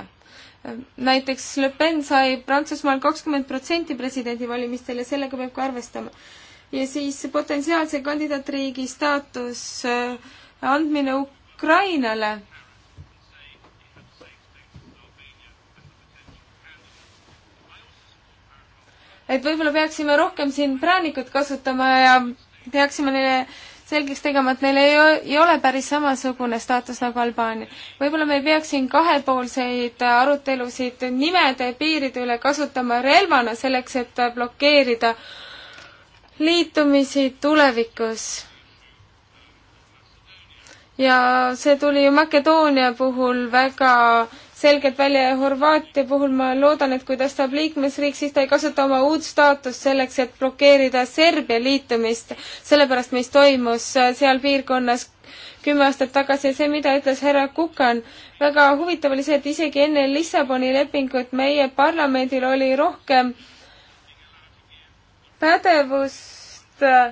Speaker 2: näiteks Le Pen sai Prantsusmaal kakskümmend protsenti presidendivalimistel ja sellega peab ka arvestama. ja siis potentsiaalse kandidaatriigi staatus äh, andmine Ukrainale et võib-olla peaksime rohkem siin präänikut kasutama ja peaksime neile selgeks tegema, et neil ei, ei ole päris samasugune staatus nagu Albaania. võib-olla me ei peaks siin kahepoolseid arutelusid nimede piiride üle kasutama relvana selleks, et blokeerida liitumisi tulevikus. ja see tuli ju Makedoonia puhul väga äh, selgelt välja ja Horvaatia puhul ma loodan, et kui ta saab liikmesriik, siis ta ei kasuta oma uut staatust selleks, et blokeerida Serbia liitumist, sellepärast mis toimus äh, seal piirkonnas kümme aastat tagasi ja see, mida ütles härra Kukan, väga huvitav oli see, et isegi enne Lissaboni lepingut meie parlamendil oli rohkem pädevust äh,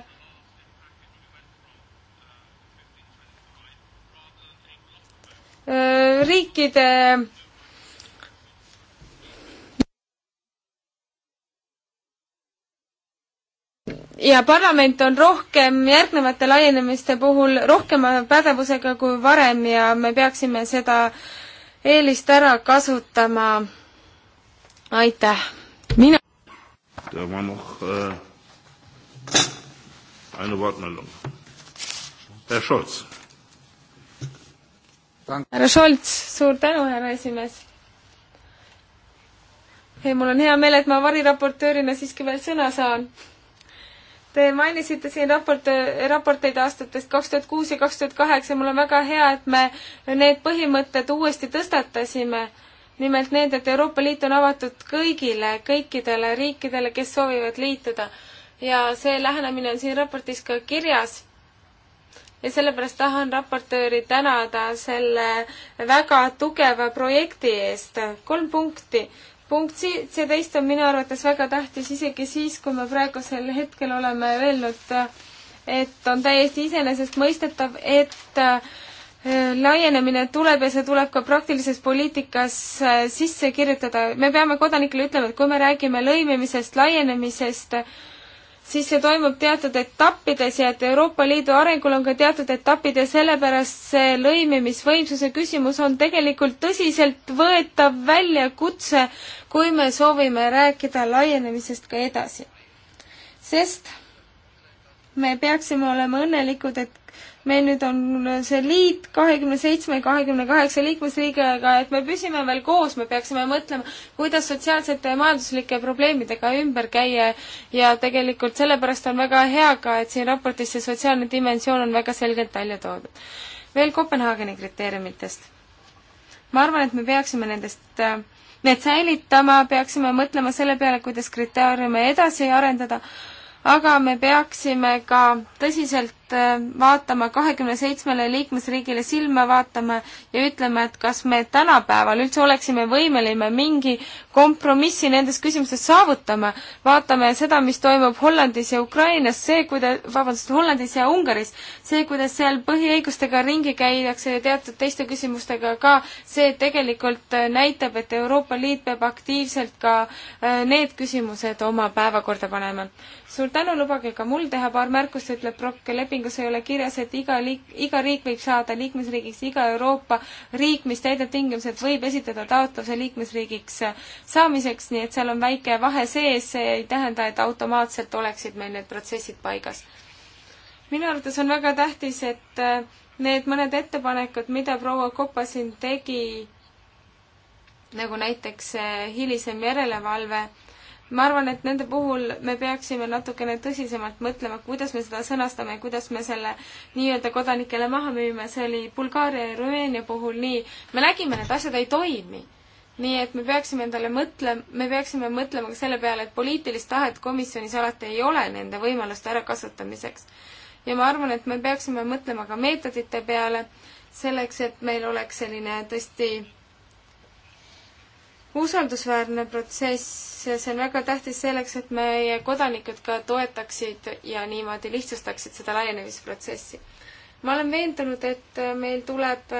Speaker 2: riikide ja parlament on rohkem järgnevate laienemiste puhul rohkema pädevusega kui varem ja me peaksime seda eelist ära kasutama. aitäh. mina.
Speaker 1: Äh, eine Wortmeldung. Herr Scholz
Speaker 2: härra Šolts, suur tänu, härra esimees! ei, mul on hea meel, et ma variraportöörina siiski veel sõna saan. Te mainisite siin raport, raporteid aastatest kaks tuhat kuus ja kaks tuhat kaheksa, mul on väga hea, et me need põhimõtted uuesti tõstatasime. nimelt need, et Euroopa Liit on avatud kõigile, kõikidele riikidele, kes soovivad liituda. ja see lähenemine on siin raportis ka kirjas ja sellepärast tahan raportööri tänada selle väga tugeva projekti eest. kolm punkti. punkt seitseteist on minu arvates väga tähtis isegi siis, kui me praegusel hetkel oleme öelnud, et on täiesti iseenesestmõistetav, et äh, laienemine tuleb ja see tuleb ka praktilises poliitikas äh, sisse kirjutada. me peame kodanikele ütlema, et kui me räägime lõimimisest, laienemisest, siis see toimub teatud etappides ja et Euroopa Liidu arengul on ka teatud etapid ja sellepärast see lõimimisvõimsuse küsimus on tegelikult tõsiseltvõetav väljakutse, kui me soovime rääkida laienemisest ka edasi. sest me peaksime olema õnnelikud, et meil nüüd on see liit kahekümne seitsme ja kahekümne kaheksa liikmesriigiga, et me püsime veel koos, me peaksime mõtlema, kuidas sotsiaalsete ja majanduslike probleemidega ümber käia ja tegelikult sellepärast on väga hea ka, et siin raportis see sotsiaalne dimensioon on väga selgelt välja toodud. veel Kopenhaageni kriteeriumitest. ma arvan, et me peaksime nendest need säilitama, peaksime mõtlema selle peale, kuidas kriteeriume edasi arendada, aga me peaksime ka tõsiselt Äh, vaatama kahekümne seitsmele liikmesriigile silma vaatama ja ütlema, et kas me tänapäeval üldse oleksime võimeline mingi kompromissi nendes küsimustes saavutama. vaatame seda, mis toimub Hollandis ja Ukrainas, see, kuida-, vabandust, Hollandis ja Ungaris, see, kuidas seal põhiõigustega ringi käidakse ja teatud teiste küsimustega ka, see tegelikult äh, näitab, et Euroopa Liit peab aktiivselt ka äh, need küsimused oma päevakorda panema. suur tänu, lubage ka mul teha paar märkust, ütleb Brock Leping, lepingus ei ole kirjas, et iga liik-, iga riik võib saada liikmesriigiks, iga Euroopa riik, mis täidab tingimused, võib esitada taotluse liikmesriigiks saamiseks, nii et seal on väike vahe sees, see ei tähenda, et automaatselt oleksid meil need protsessid paigas. minu arvates on väga tähtis, et äh, need mõned ettepanekud, mida proua Kopa siin tegi, nagu näiteks äh, hilisem järelevalve, ma arvan, et nende puhul me peaksime natukene tõsisemalt mõtlema, kuidas me seda sõnastame ja kuidas me selle nii-öelda kodanikele maha müüme, see oli Bulgaaria ja Rumeenia puhul nii. me nägime, need asjad ei toimi nii et me peaksime endale mõtlema, me peaksime mõtlema ka selle peale, et poliitilist tahet komisjonis alati ei ole nende võimaluste ärakasutamiseks. ja ma arvan, et me peaksime mõtlema ka meetodite peale, selleks et meil oleks selline tõesti usaldusväärne protsess, see on väga tähtis selleks, et meie kodanikud ka toetaksid ja niimoodi lihtsustaksid seda laienemisprotsessi. ma olen veendunud, et meil tuleb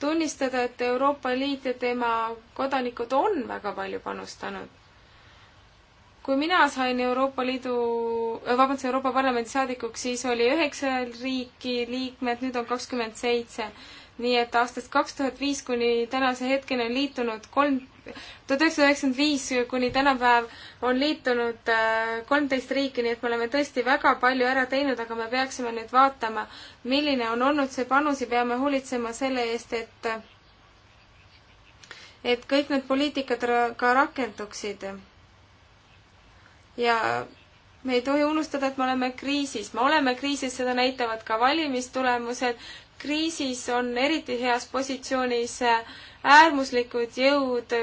Speaker 2: tunnistada, et Euroopa Liit ja tema kodanikud on väga palju panustanud. kui mina sain Euroopa Liidu, äh, vabandust, Euroopa Parlamendi saadikuks, siis oli üheksa riiki liikmed, nüüd on kakskümmend seitse nii et aastast kaks tuhat viis kuni tänase hetkeni on liitunud kolm, tuhat üheksasada üheksakümmend viis kuni tänapäev on liitunud äh, kolmteist riiki, nii et me oleme tõesti väga palju ära teinud, aga me peaksime nüüd vaatama, milline on olnud see panus ja peame hoolitsema selle eest, et et kõik need poliitikad ka rakenduksid. ja me ei tohi unustada, et me oleme kriisis, me oleme kriisis, seda näitavad ka valimistulemused, kriisis on eriti heas positsioonis äärmuslikud jõud,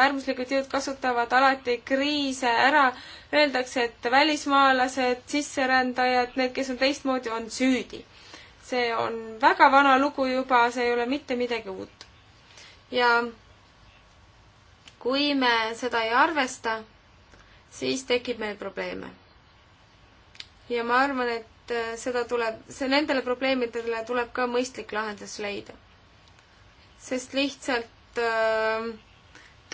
Speaker 2: äärmuslikud jõud kasutavad alati kriise ära, öeldakse, et välismaalased, sisserändajad, need, kes on teistmoodi, on süüdi. see on väga vana lugu juba, see ei ole mitte midagi uut. ja kui me seda ei arvesta, siis tekib meil probleeme. ja ma arvan, et et äh, seda tuleb, see, nendele probleemidele tuleb ka mõistlik lahendus leida. sest lihtsalt äh,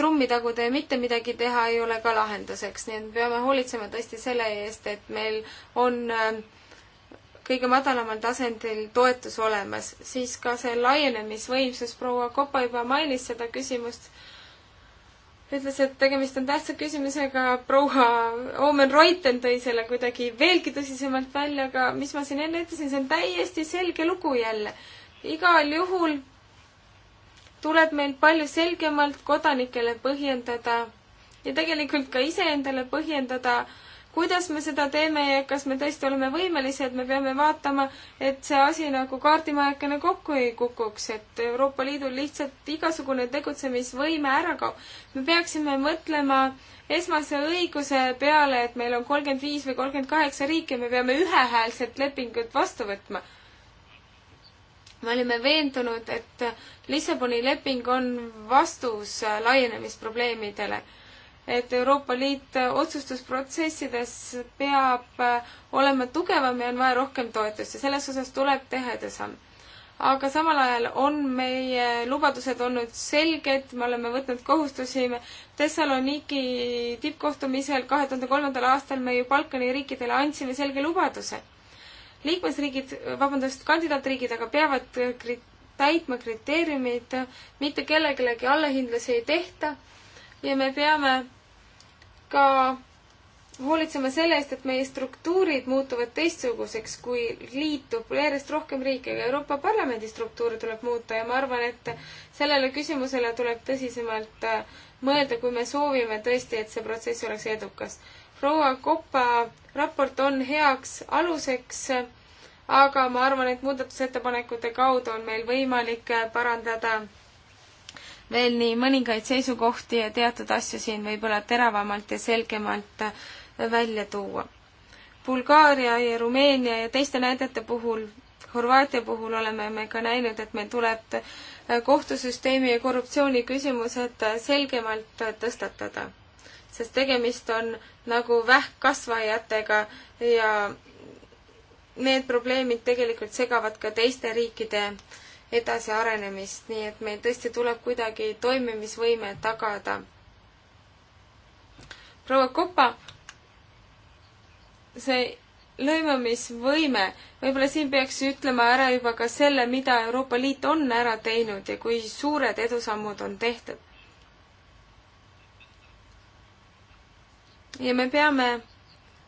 Speaker 2: trummitagude mitte midagi teha ei ole ka lahenduseks, nii et me peame hoolitsema tõesti selle eest, et meil on äh, kõige madalamal tasandil toetus olemas, siis ka see laienemisvõimsus, proua Kopa juba mainis seda küsimust äh,, ütles, et tegemist on tähtsa küsimusega, proua Omen Reuten tõi selle kuidagi veelgi tõsisemalt välja, aga mis ma siin enne ütlesin, see on täiesti selge lugu jälle. igal juhul tuleb meil palju selgemalt kodanikele põhjendada ja tegelikult ka iseendale põhjendada äh, kuidas me seda teeme ja kas me tõesti oleme võimelised, me peame vaatama, et see asi nagu kaardimajakene kokku ei kukuks, et Euroopa Liidul lihtsalt igasugune tegutsemisvõime ära kaob. me peaksime mõtlema esmase õiguse peale, et meil on kolmkümmend viis või kolmkümmend kaheksa riiki, me peame ühehäälselt lepingut vastu võtma. me olime veendunud, et Lissaboni leping on vastus laienemisprobleemidele et Euroopa Liit otsustusprotsessides peab äh, olema tugevam ja on vaja rohkem toetust ja selles osas tuleb teha edusamm. aga samal ajal on meie lubadused olnud selged, me oleme võtnud kohustusi. Thessaloniki tippkohtumisel kahe tuhande kolmandal aastal me ju Balkani riikidele andsime selge lubaduse. liikmesriigid, vabandust, kandidaatriigid aga peavad kri-, täitma kriteeriumid, mitte kellelegi allahindlusi ei tehta ja me peame ka hoolitsema selle eest, et meie struktuurid muutuvad teistsuguseks, kui liitub järjest rohkem riike ja Euroopa Parlamendi struktuuri tuleb muuta ja ma arvan, et sellele küsimusele tuleb tõsisemalt äh, mõelda, kui me soovime tõesti, et see protsess oleks edukas. proua Koppa raport on heaks aluseks, aga ma arvan, et muudatusettepanekute kaudu on meil võimalik äh, parandada veel nii mõningaid seisukohti ja teatud asju siin võib-olla teravamalt ja selgemalt äh, välja tuua. Bulgaaria ja Rumeenia ja teiste näidete puhul, Horvaatia puhul oleme me ka näinud, et meil tuleb äh, kohtusüsteemi ja korruptsiooni küsimused äh, selgemalt tõstatada. sest tegemist on nagu vähkkasvajatega ja need probleemid tegelikult segavad ka teiste riikide äh, edasiarenemist, nii et meil tõesti tuleb kuidagi toimimisvõime tagada. proua Kopa, see lõimumisvõime, võib-olla siin peaks ütlema ära juba ka selle, mida Euroopa Liit on ära teinud ja kui suured edusammud on tehtud. ja me peame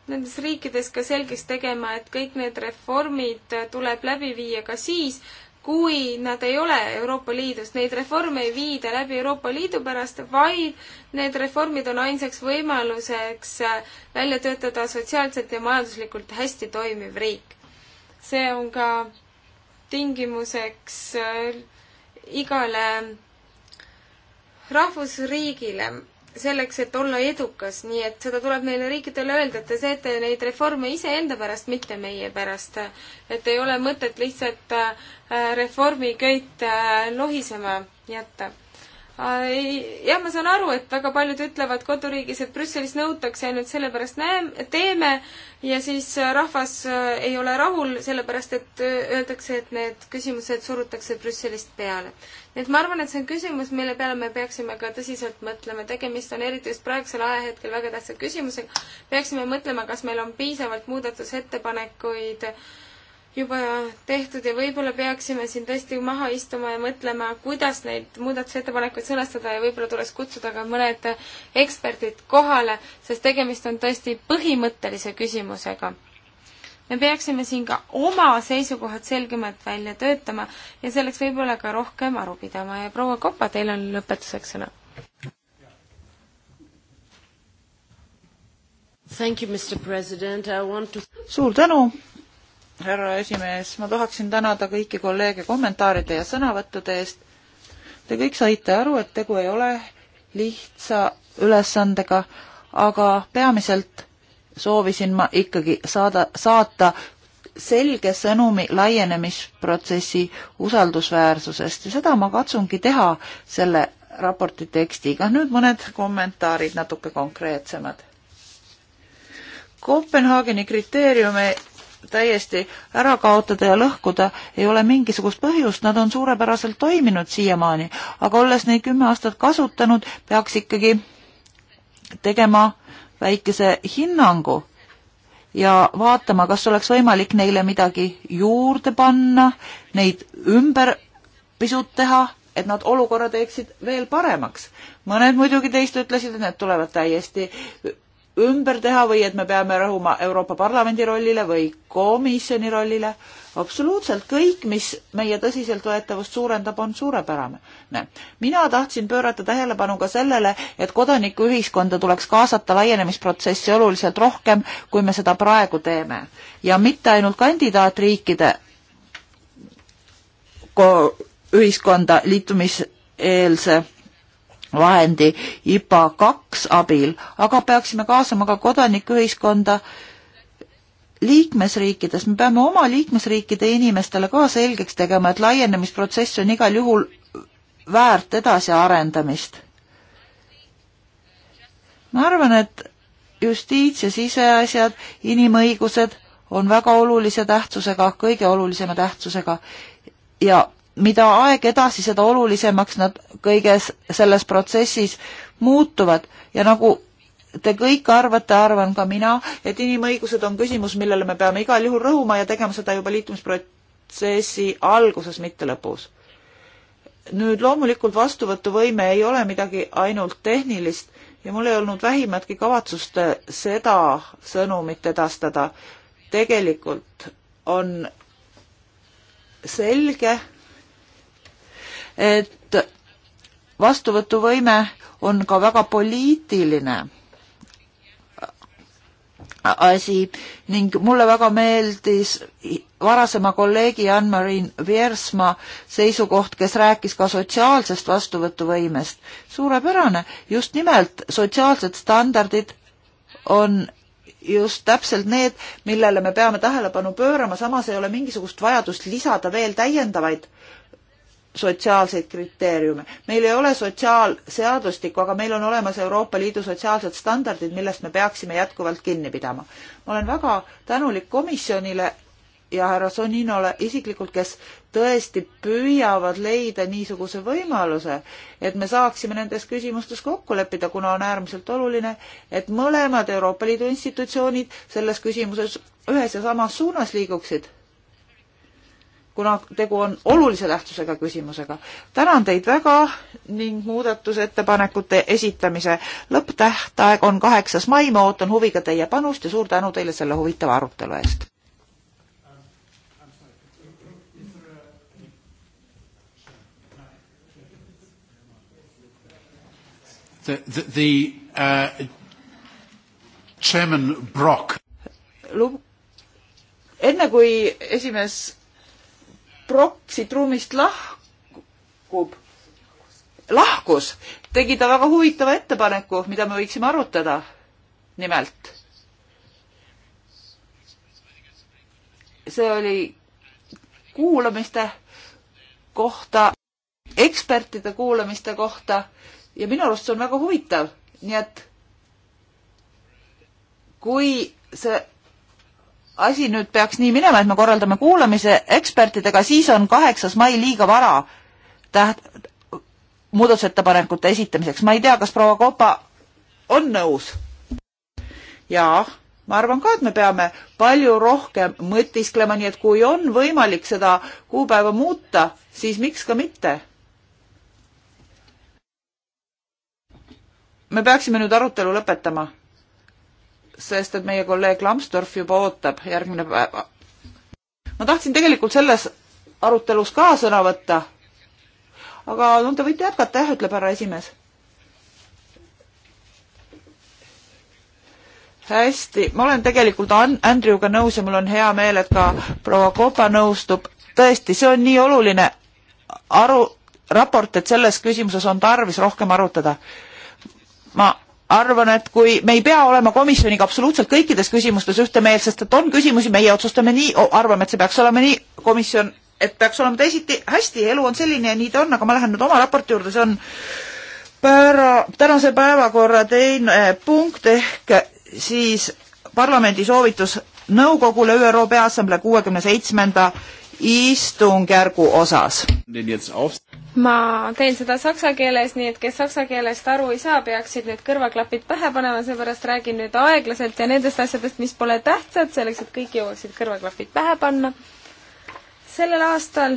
Speaker 2: nendes riikides ka selgeks tegema, et kõik need reformid tuleb läbi viia ka siis, kui nad ei ole Euroopa Liidus. Neid reforme ei viida läbi Euroopa Liidu pärast, vaid need reformid on ainsaks võimaluseks välja töötada sotsiaalselt ja majanduslikult hästi toimiv riik. see on ka tingimuseks äh, igale rahvusriigile selleks, et olla edukas, nii et seda tuleb neile riikidele öelda, et te teete neid reforme iseenda pärast, mitte meie pärast. et ei ole mõtet lihtsalt äh, reformiköit äh, lohisema jätta. Äh, jah, ma saan aru, et väga paljud ütlevad koduriigis, et Brüsselis nõutakse ainult sellepärast näe-, teeme ja siis rahvas ei ole rahul, sellepärast et öeldakse, et need küsimused surutakse Brüsselist peale nii et ma arvan, et see on küsimus, mille peale me peaksime ka tõsiselt mõtlema, tegemist on eriti just praegusel ajahetkel väga tähtsa küsimusega, peaksime mõtlema, kas meil on piisavalt muudatusettepanekuid juba tehtud ja võib-olla peaksime siin tõesti maha istuma ja mõtlema, kuidas neid muudatusettepanekuid sõnastada ja võib-olla tuleks kutsuda ka mõned eksperdid kohale, sest tegemist on tõesti põhimõttelise küsimusega me peaksime siin ka oma seisukohad selgemalt välja töötama ja selleks võib-olla ka rohkem aru pidama ja proua Kopa, teil on lõpetuseks sõna.
Speaker 3: Thank you, Mr President, I want to suur tänu, härra esimees, ma tahaksin tänada kõiki kolleege kommentaaride ja sõnavõttude eest. Te kõik saite aru, et tegu ei ole lihtsa ülesandega, aga peamiselt soovisin ma ikkagi saada, saata selge sõnumi laienemisprotsessi usaldusväärsusest ja seda ma katsungi teha selle raporti tekstiga. nüüd mõned kommentaarid natuke konkreetsemad. Kopenhaageni kriteeriume täiesti ära kaotada ja lõhkuda ei ole mingisugust põhjust, nad on suurepäraselt toiminud siiamaani, aga olles neid kümme aastat kasutanud, peaks ikkagi tegema äh, väikese hinnangu ja vaatama, kas oleks võimalik neile midagi juurde panna, neid ümber pisut teha, et nad olukorra teeksid veel paremaks. mõned muidugi teist ütlesid, et need tulevad täiesti ümber teha või et me peame rõhuma Euroopa Parlamendi rollile või komisjoni rollile. absoluutselt kõik, mis meie tõsiseltvõetavust suurendab, on suurepärane. mina tahtsin pöörata tähelepanu ka sellele, et kodanikuühiskonda tuleks kaasata laienemisprotsessi oluliselt rohkem, kui me seda praegu teeme. ja mitte ainult kandidaatriikide ühiskonda liitumiseelse vahendi IPA kaks abil, aga peaksime kaasama ka kodanikuühiskonda liikmesriikides, me peame oma liikmesriikide inimestele ka selgeks tegema, et laienemisprotsess on igal juhul väärt edasiarendamist. ma arvan, et justiits ja siseasjad, inimõigused on väga olulise tähtsusega, kõige olulisema tähtsusega ja mida aeg edasi, seda olulisemaks nad kõiges selles protsessis muutuvad ja nagu te kõik arvate, arvan ka mina, et inimõigused on küsimus, millele me peame igal juhul rõhuma ja tegema seda juba liitumisprotsessi alguses, mitte lõpus. nüüd loomulikult vastuvõtuvõime ei ole midagi ainult tehnilist ja mul ei olnud vähimatki kavatsust seda sõnumit edastada. tegelikult on selge, et vastuvõtuvõime on ka väga poliitiline asi ning mulle väga meeldis varasema kolleegi Ann-Marin Viersma seisukoht, kes rääkis ka sotsiaalsest vastuvõtuvõimest. suurepärane, just nimelt sotsiaalsed standardid on just täpselt need, millele me peame tähelepanu pöörama, samas ei ole mingisugust vajadust lisada veel täiendavaid sotsiaalseid kriteeriume. meil ei ole sotsiaalseadustikku, aga meil on olemas Euroopa Liidu sotsiaalsed standardid, millest me peaksime jätkuvalt kinni pidama. ma olen väga tänulik komisjonile ja härra Soninole isiklikult, kes tõesti püüavad leida niisuguse võimaluse, et me saaksime nendes küsimustes kokku leppida, kuna on äärmiselt oluline, et mõlemad Euroopa Liidu institutsioonid selles küsimuses ühes ja samas suunas liiguksid kuna tegu on olulise tähtsusega küsimusega. tänan teid väga ning muudatusettepanekute esitamise lõpptähtaeg on kaheksas mai, ma ootan huviga teie panust ja suur tänu teile selle huvitava arutelu eest. The, the, the uh, Chairman Brock. enne kui esimees Brock siit ruumist lahkub, lahkus, tegi ta väga huvitava ettepaneku, mida me võiksime arutada. nimelt. see oli kuulamiste kohta, ekspertide kuulamiste kohta ja minu arust see on väga huvitav, nii et kui see asi nüüd peaks nii minema, et me korraldame kuulamise ekspertidega, siis on kaheksas mai liiga vara täht-, muudatusettepanekute esitamiseks. ma ei tea, kas proua Kopa on nõus? jaa, ma arvan ka, et me peame palju rohkem mõtisklema, nii et kui on võimalik seda kuupäeva muuta, siis miks ka mitte? me peaksime nüüd arutelu lõpetama sest et meie kolleeg Lambsdorff juba ootab järgmine päev. ma tahtsin tegelikult selles arutelus ka sõna võtta. aga no te võite jätkata jah, ütleb härra esimees. hästi, ma olen tegelikult Andrewga nõus ja mul on hea meel, et ka proua Kopa nõustub. tõesti, see on nii oluline aru, raport, et selles küsimuses on tarvis rohkem arutada. ma arvan, et kui me ei pea olema komisjoniga absoluutselt kõikides küsimustes ühte meelt, sest et on küsimusi, meie otsustame nii, arvame, et see peaks olema nii, komisjon, et peaks olema teisiti, hästi, elu on selline ja nii ta on, aga ma lähen nüüd oma raporti juurde, see on pära, tänase päevakorra teine eh, punkt ehk siis parlamendi soovitus nõukogule ÜRO Peaassamblee kuuekümne seitsmenda istungjärgu osas
Speaker 2: ma teen seda saksa keeles, nii et kes saksa keelest aru ei saa, peaksid nüüd kõrvaklapid pähe panema, seepärast räägin nüüd aeglaselt ja nendest asjadest, mis pole tähtsad, selleks et kõik jõuaksid kõrvaklapid pähe panna. sellel aastal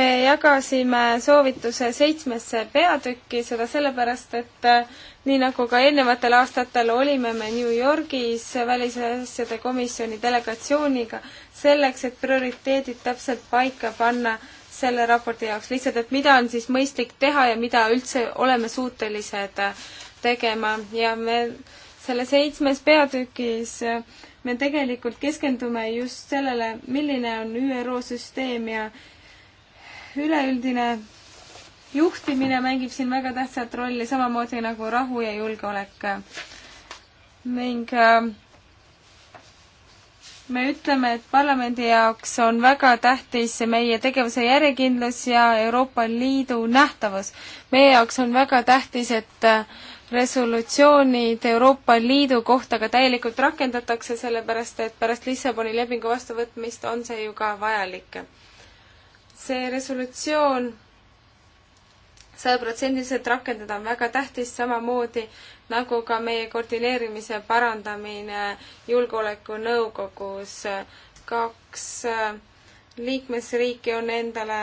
Speaker 2: me jagasime soovituse seitsmesse peatükki, seda sellepärast, et äh, nii nagu ka eelnevatel aastatel olime me New Yorgis välisasjade komisjoni delegatsiooniga selleks, et prioriteedid täpselt paika panna selle raporti jaoks, lihtsalt et mida on siis mõistlik teha ja mida üldse oleme suutelised äh, tegema ja me selle seitsmes peatükis äh, me tegelikult keskendume just sellele, milline on ÜRO süsteem ja üleüldine juhtimine mängib siin väga tähtsat rolli, samamoodi nagu rahu ja julgeolek. Äh, ning äh, me ütleme, et parlamendi jaoks on väga tähtis meie tegevuse järjekindlus ja Euroopa Liidu nähtavus. meie jaoks on väga tähtis, et äh, resolutsioonid Euroopa Liidu kohta ka täielikult rakendatakse, sellepärast et pärast Lissaboni lepingu vastuvõtmist on see ju ka vajalik. see resolutsioon sajaprotsendiliselt rakendada on väga tähtis, samamoodi nagu ka meie koordineerimise parandamine Julgeolekunõukogus. kaks äh, liikmesriiki on endale,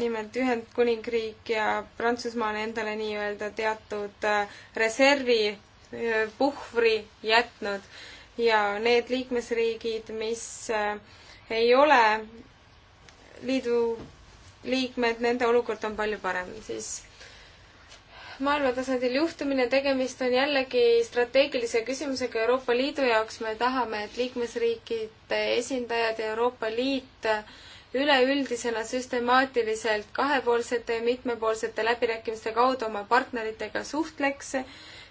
Speaker 2: nimelt Ühendkuningriik ja Prantsusmaa on endale nii-öelda teatud äh, reservi, äh, puhvri jätnud ja need liikmesriigid, mis ei ole liidu liikmed, nende olukord on palju parem, siis maailma tasandil juhtumine, tegemist on jällegi strateegilise küsimusega Euroopa Liidu jaoks, me tahame, et liikmesriikide esindajad ja Euroopa Liit üleüldisena süstemaatiliselt kahepoolsete ja mitmepoolsete läbirääkimiste kaudu oma partneritega suhtleks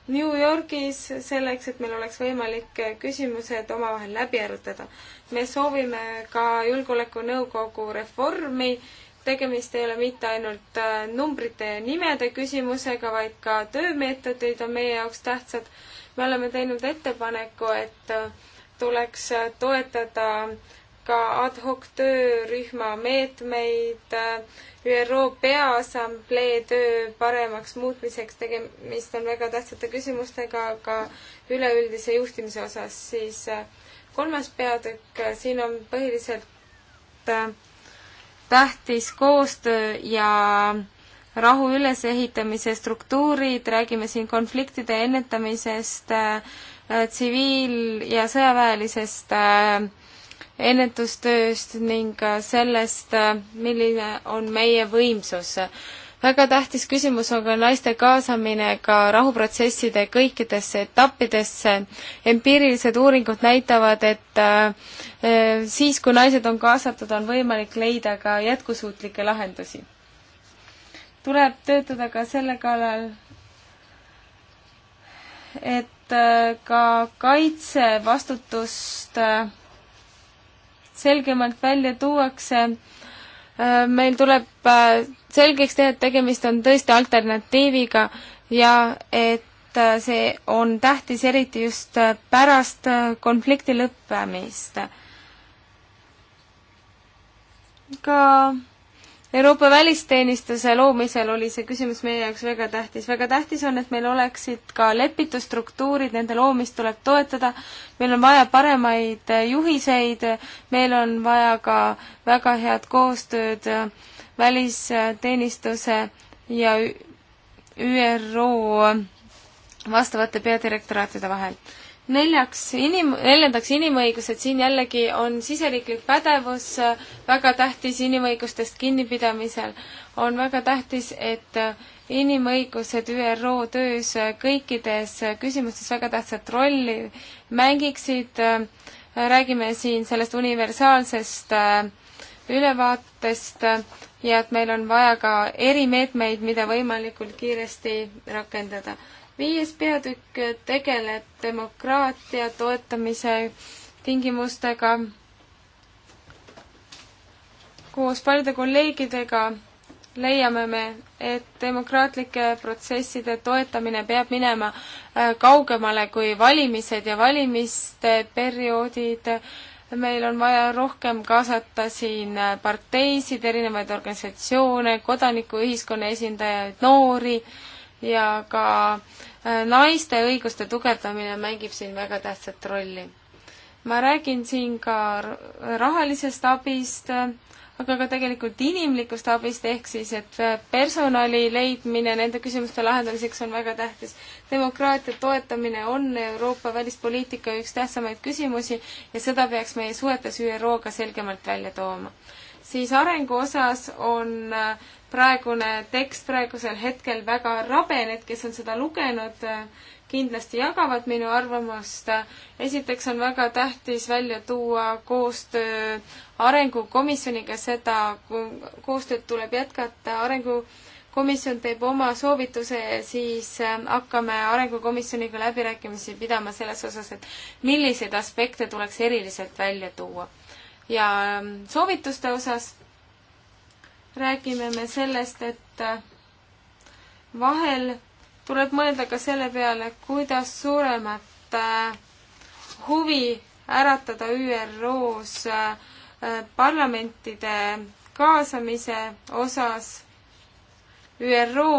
Speaker 2: New Yorgis selleks, et meil oleks võimalik küsimused omavahel läbi arutada. me soovime ka Julgeolekunõukogu reformi tegemist ei ole mitte ainult äh, numbrite ja nimede küsimusega, vaid ka töömeetodid on meie jaoks tähtsad. me oleme teinud ettepaneku, et äh, tuleks äh, toetada ka ad hoc töörühma meetmeid, ÜRO Peaassamblee töö paremaks muutmiseks, tegemist on väga tähtsate küsimustega ka üleüldise juhtimise osas, siis kolmas peatükk, siin on põhiliselt tähtis koostöö ja rahu ülesehitamise struktuurid, räägime siin konfliktide ennetamisest äh,, tsiviil- ja sõjaväelisest äh, ennetustööst ning äh, sellest, äh, milline on meie võimsus väga tähtis küsimus on ka naiste kaasamine ka rahuprotsesside kõikidesse etappidesse. empiirilised uuringud näitavad, et äh, äh, siis, kui naised on kaasatud, on võimalik leida ka jätkusuutlikke lahendusi. tuleb töötada ka selle kallal, et äh, ka kaitsevastutust äh, selgemalt välja tuuakse Äh, meil tuleb äh, selgeks teha, et tegemist on tõesti alternatiiviga ja et äh, see on tähtis eriti just pärast konflikti lõppemist. ka Euroopa välisteenistuse loomisel oli see küsimus meie jaoks väga tähtis. väga tähtis on, et meil oleksid ka lepitusstruktuurid, nende loomist tuleb toetada, meil on vaja paremaid juhiseid, meil on vaja ka väga head koostööd välisteenistuse ja ÜRO vastavate peadirektoraatide vahel neljaks inim-, neljandaks inimõigused, siin jällegi on siseriiklik pädevus äh, väga tähtis inimõigustest kinnipidamisel. on väga tähtis, et äh, inimõigused ÜRO töös äh, kõikides küsimustes väga tähtsat rolli mängiksid. räägime siin sellest universaalsest ülevaatest ja et meil on vaja ka erimeetmeid, mida võimalikult kiiresti rakendada viies peatükk tegeleb demokraatia toetamise tingimustega. koos paljude kolleegidega leiame me, et demokraatlike protsesside toetamine peab minema äh, kaugemale kui valimised ja valimiste perioodid. meil on vaja rohkem kaasata siin äh, parteisid, erinevaid organisatsioone, kodanikuühiskonna esindajaid, noori ja ka äh, Äh, naiste õiguste tugevdamine mängib siin väga tähtsat rolli. ma räägin siin ka rahalisest abist, aga ka tegelikult inimlikust abist, ehk siis, et personali leidmine nende küsimuste lahendamiseks on väga tähtis. demokraatia toetamine on Euroopa välispoliitika üks tähtsamaid küsimusi ja seda peaks meie suhetes ÜRO-ga selgemalt välja tooma. siis arengu osas on äh, praegune tekst praegusel hetkel väga rabe, need, kes on seda lugenud, äh, kindlasti jagavad minu arvamust. esiteks on väga tähtis välja tuua koostöö arengukomisjoniga, seda koostööd tuleb jätkata arengu komisjon teeb oma soovituse ja siis äh, hakkame Arengukomisjoniga läbirääkimisi pidama selles osas, et milliseid aspekte tuleks eriliselt välja tuua. ja ähm, soovituste osas räägime me sellest, et äh, vahel tuleb mõelda ka selle peale, kuidas suuremat äh, huvi äratada ÜRO-s äh, parlamentide kaasamise osas. ÜRO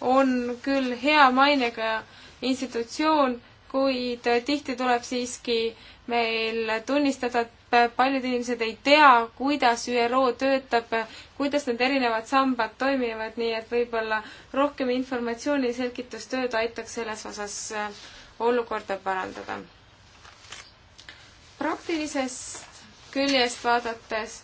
Speaker 2: on küll hea mainega institutsioon, kuid tihti tuleb siiski meil tunnistada, et Äh, paljud inimesed ei tea, kuidas ÜRO töötab, kuidas need erinevad sambad toimivad, nii et võib-olla rohkem informatsiooni ja selgitustööd aitaks selles osas äh, olukorda parandada. praktilisest küljest vaadates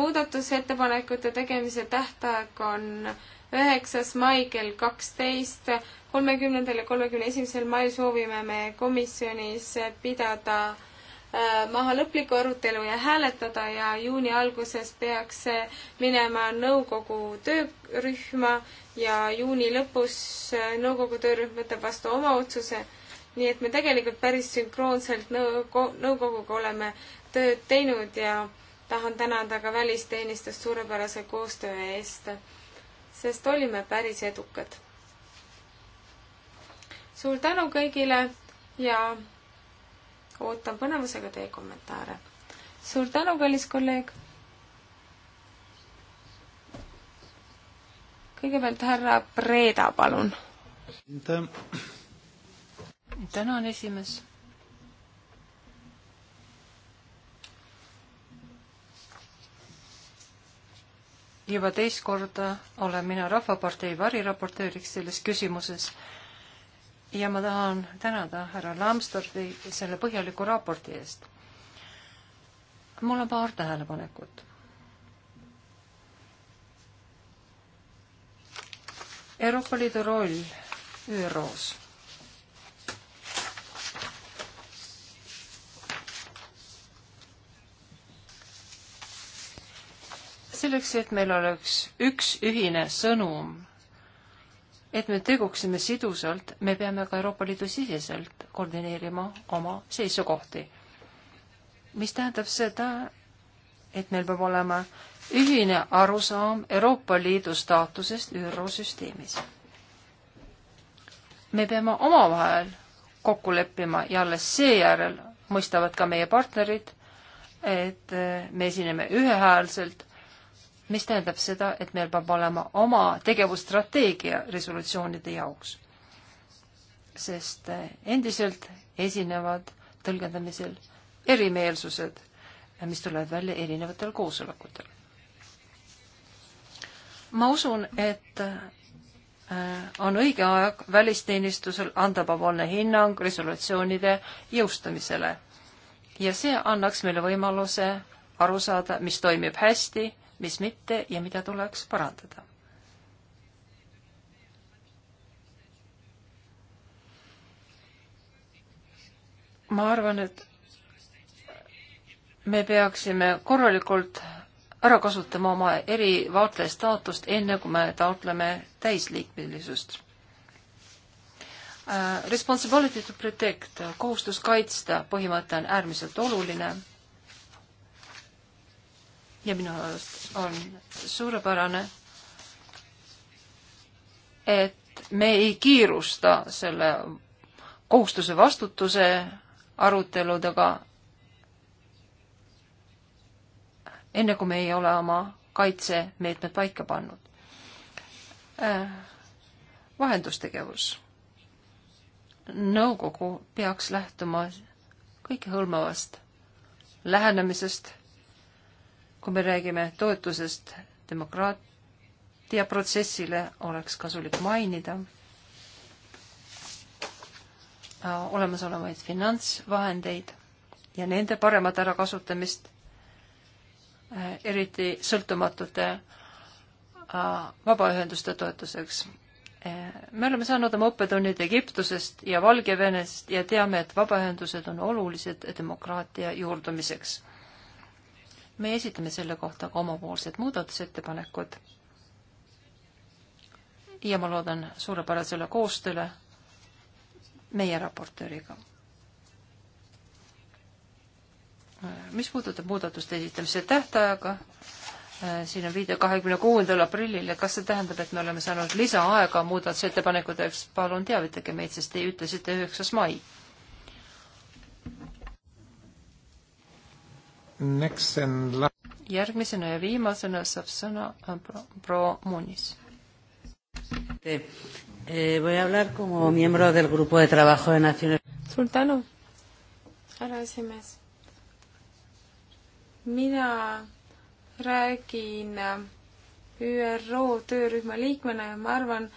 Speaker 2: muudatusettepanekute tegemise tähtaeg on üheksas mai kell kaksteist, kolmekümnendal ja kolmekümne esimesel mail soovime me komisjonis pidada Äh, maha lõpliku arutelu ja hääletada ja juuni alguses peaks see minema nõukogu töörühma ja juuni lõpus äh, nõukogu töörühm võtab vastu oma otsuse. nii et me tegelikult päris sünkroonselt nõu-, nõukoguga oleme tööd teinud ja tahan tänada ka välisteenistust suurepärase koostöö eest, sest olime päris edukad. suur tänu kõigile ja ootan põnevusega teie kommentaare. suur tänu, kallis kolleeg! kõigepealt härra
Speaker 1: Preeda, palun! tänan, esimees! juba teist korda olen mina Rahvapartei variraportööriks selles küsimuses ja ma tahan tänada härra Lambsdorfi selle põhjaliku raporti eest. mul on paar tähelepanekut. Euroopa Liidu roll ÜRO-s. selleks, et meil oleks üks ühine sõnum et me teguksime sidusalt, me peame ka Euroopa Liidu siseselt koordineerima oma seisukohti. mis tähendab seda, et meil peab olema ühine arusaam Euroopa Liidu staatusest ÜRO süsteemis. me peame omavahel kokku leppima ja alles seejärel mõistavad ka meie partnerid, et me esineme ühehäälselt mis tähendab seda, et meil peab olema oma tegevusstrateegia resolutsioonide jaoks. sest eh, endiselt esinevad tõlgendamisel erimeelsused, eh, mis tulevad välja erinevatel koosolekutel. ma usun, et eh, on õige aeg välisteenistusel anda omapoolne hinnang resolutsioonide jõustamisele ja see annaks meile võimaluse aru saada, mis toimib hästi mis mitte ja mida tuleks parandada. ma arvan, et me peaksime korralikult ära kasutama oma eri vaatlejastaatust, enne kui me taotleme täisliikmelisust äh, Responsibility to protect, kohustus kaitsta põhimõte on äärmiselt oluline ja minu arust on suurepärane, et me ei kiirusta selle kohustuse vastutuse aruteludega, enne kui me ei ole oma kaitsemeetmed paika pannud. Äh, vahendustegevus. nõukogu peaks lähtuma kõikehõlmavast lähenemisest kui me räägime toetusest demokraatia protsessile, oleks kasulik mainida äh, olemasolevaid finantsvahendeid ja nende paremat ärakasutamist, äh, eriti sõltumatute äh, vabaühenduste toetuseks. me oleme saanud oma õppetunnid Egiptusest ja Valgevenest ja teame, et vabaühendused on olulised demokraatia juurdumiseks me esitame selle kohta ka omapoolsed muudatusettepanekud ja ma loodan suurepärasele koostööle meie raportööriga. mis puudutab muudatuste esitamise tähtaega, äh, siin on viide kahekümne kuuendal aprillil ja kas see tähendab, et me oleme saanud lisaaega muudatusettepanekuteks, palun teavitage meid, sest te ütlesite üheksas mai järgmisena ja viimasena saab sõna äh, proua Munis. Eh, eh, suur tänu,
Speaker 2: härra esimees. mina räägin äh, ÜRO töörühma liikmena ja ma arvan,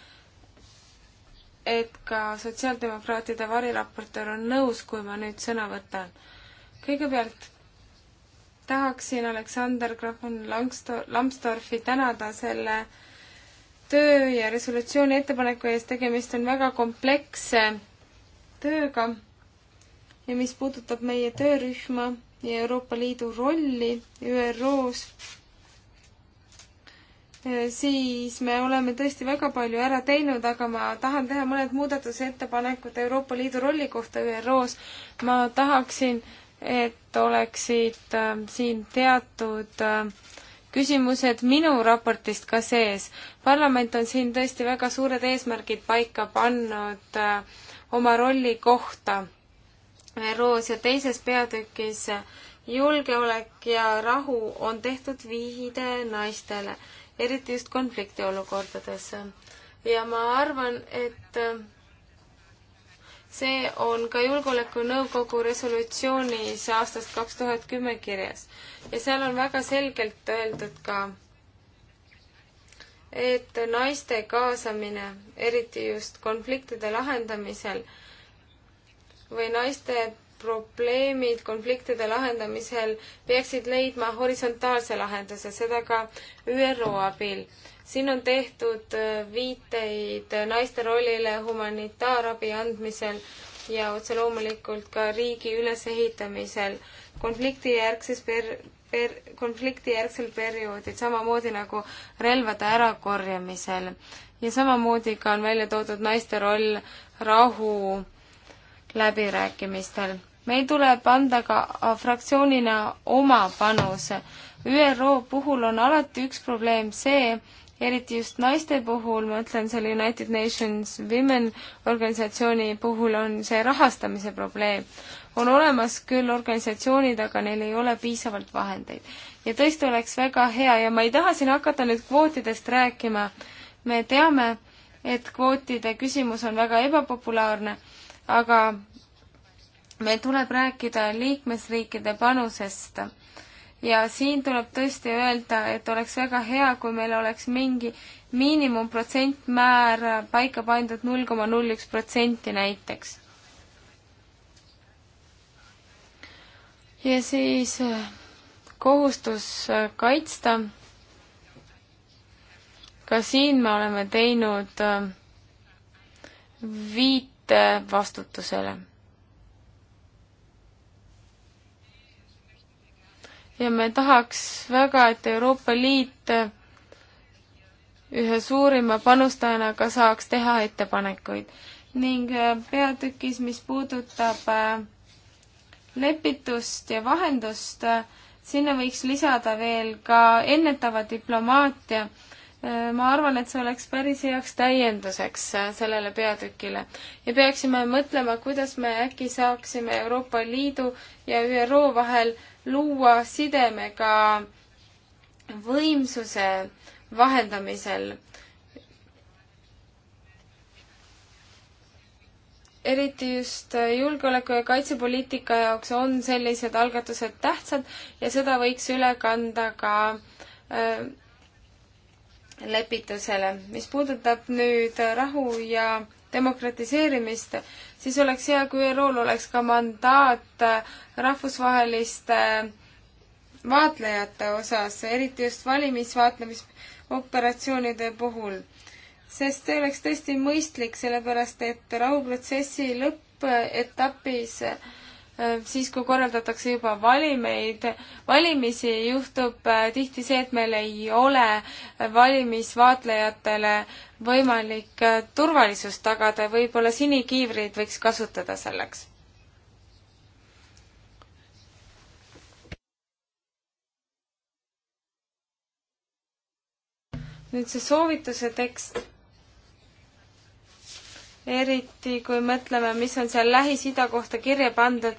Speaker 2: et ka sotsiaaldemokraatide variraportöör on nõus, kui ma nüüd sõna võtan. kõigepealt tahaksin Aleksander Grafon Lambsdorfi tänada selle töö ja resolutsiooni ettepaneku eest, tegemist on väga kompleksse tööga ja mis puudutab meie töörühma ja Euroopa Liidu rolli ÜRO-s, siis me oleme tõesti väga palju ära teinud, aga ma tahan teha mõned muudatusettepanekud Euroopa Liidu rolli kohta ÜRO-s. ma tahaksin äh, et oleksid äh, siin teatud äh, küsimused minu raportist ka sees. parlament on siin tõesti väga suured eesmärgid paika pannud äh, oma rolli kohta ÜRO-s ja teises peatükis julgeolek ja rahu on tehtud viide naistele, eriti just konfliktiolukordades. ja ma arvan, et see on ka Julgeolekunõukogu resolutsioonis aastast kaks tuhat kümme kirjas ja seal on väga selgelt öeldud ka, et naiste kaasamine, eriti just konfliktide lahendamisel või naiste probleemid konfliktide lahendamisel peaksid leidma horisontaalse lahenduse, seda ka ÜRO abil siin on tehtud äh, viiteid äh, naiste rollile humanitaarabi andmisel ja otse loomulikult ka riigi ülesehitamisel konfliktijärgses per-, per-, konfliktijärgsel perioodil, samamoodi nagu relvade ärakorjamisel. ja samamoodi ka on välja toodud naiste roll rahu läbirääkimistel. meil tuleb anda ka fraktsioonina oma panus. ÜRO puhul on alati üks probleem see, eriti just naiste puhul, ma ütlen, selle United Nations Women organisatsiooni puhul on see rahastamise probleem. on olemas küll organisatsioonid, aga neil ei ole piisavalt vahendeid. ja tõesti oleks väga hea ja ma ei taha siin hakata nüüd kvootidest rääkima, me teame, et kvootide küsimus on väga ebapopulaarne, aga meil tuleb rääkida liikmesriikide panusest ja siin tuleb tõesti öelda, et oleks väga hea, kui meil oleks mingi miinimumprotsentmäär paika pandud null koma null üks protsenti näiteks. ja siis äh, kohustus äh, kaitsta. ka siin me oleme teinud äh, viite vastutusele ja me tahaks väga, et Euroopa Liit ühe suurima panustajana ka saaks teha ettepanekuid ning äh, peatükis, mis puudutab äh, lepitust ja vahendust, äh, sinna võiks lisada veel ka ennetava diplomaatia. ma arvan, et see oleks päris heaks täienduseks sellele peatükile ja peaksime mõtlema, kuidas me äkki saaksime Euroopa Liidu ja ÜRO vahel luua sidemega võimsuse vahendamisel. eriti just julgeoleku ja kaitsepoliitika jaoks on sellised algatused tähtsad ja seda võiks üle kanda ka äh, lepitusele. mis puudutab nüüd rahu ja demokratiseerimist, siis oleks hea, kui ÜRO-l oleks ka mandaat rahvusvaheliste vaatlejate osas, eriti just valimisvaatlemisoperatsioonide puhul. sest see oleks tõesti mõistlik, sellepärast et rahuprotsessi lõppetapis äh, Äh, siis, kui korraldatakse juba valimeid, valimisi, juhtub äh, tihti see, et meil ei ole äh, valimisvaatlejatele võimalik turvalisust tagada, võib-olla sinikiivreid võiks kasutada selleks nüüd see soovituse tekst eriti kui mõtleme, mis on seal Lähis-Ida kohta kirja pandud.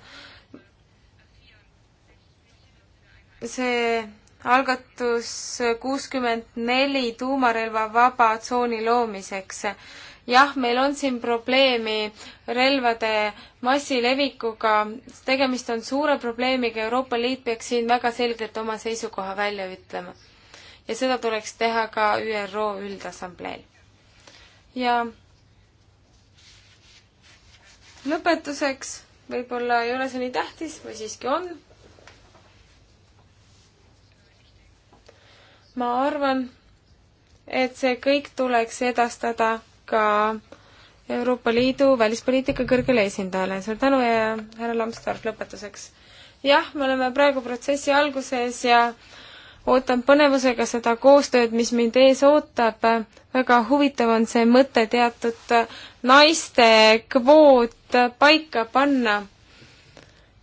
Speaker 2: see algatus kuuskümmend neli tuumarelvavaba tsooni loomiseks. jah, meil on siin probleemi relvade massilevikuga, tegemist on suure probleemiga, Euroopa Liit peaks siin väga selgelt oma seisukoha välja ütlema. ja seda tuleks teha ka ÜRO Üldassambleel. ja lõpetuseks, võib-olla ei ole see nii tähtis või siiski on. ma arvan, et see kõik tuleks edastada ka Euroopa Liidu välispoliitika kõrgele esindajale. suur tänu ja härra Lambsdorff lõpetuseks. jah, me oleme praegu protsessi alguses ja äh, ootan põnevusega seda koostööd, mis mind ees ootab. väga huvitav on see mõte teatud naiste kvoot paika panna.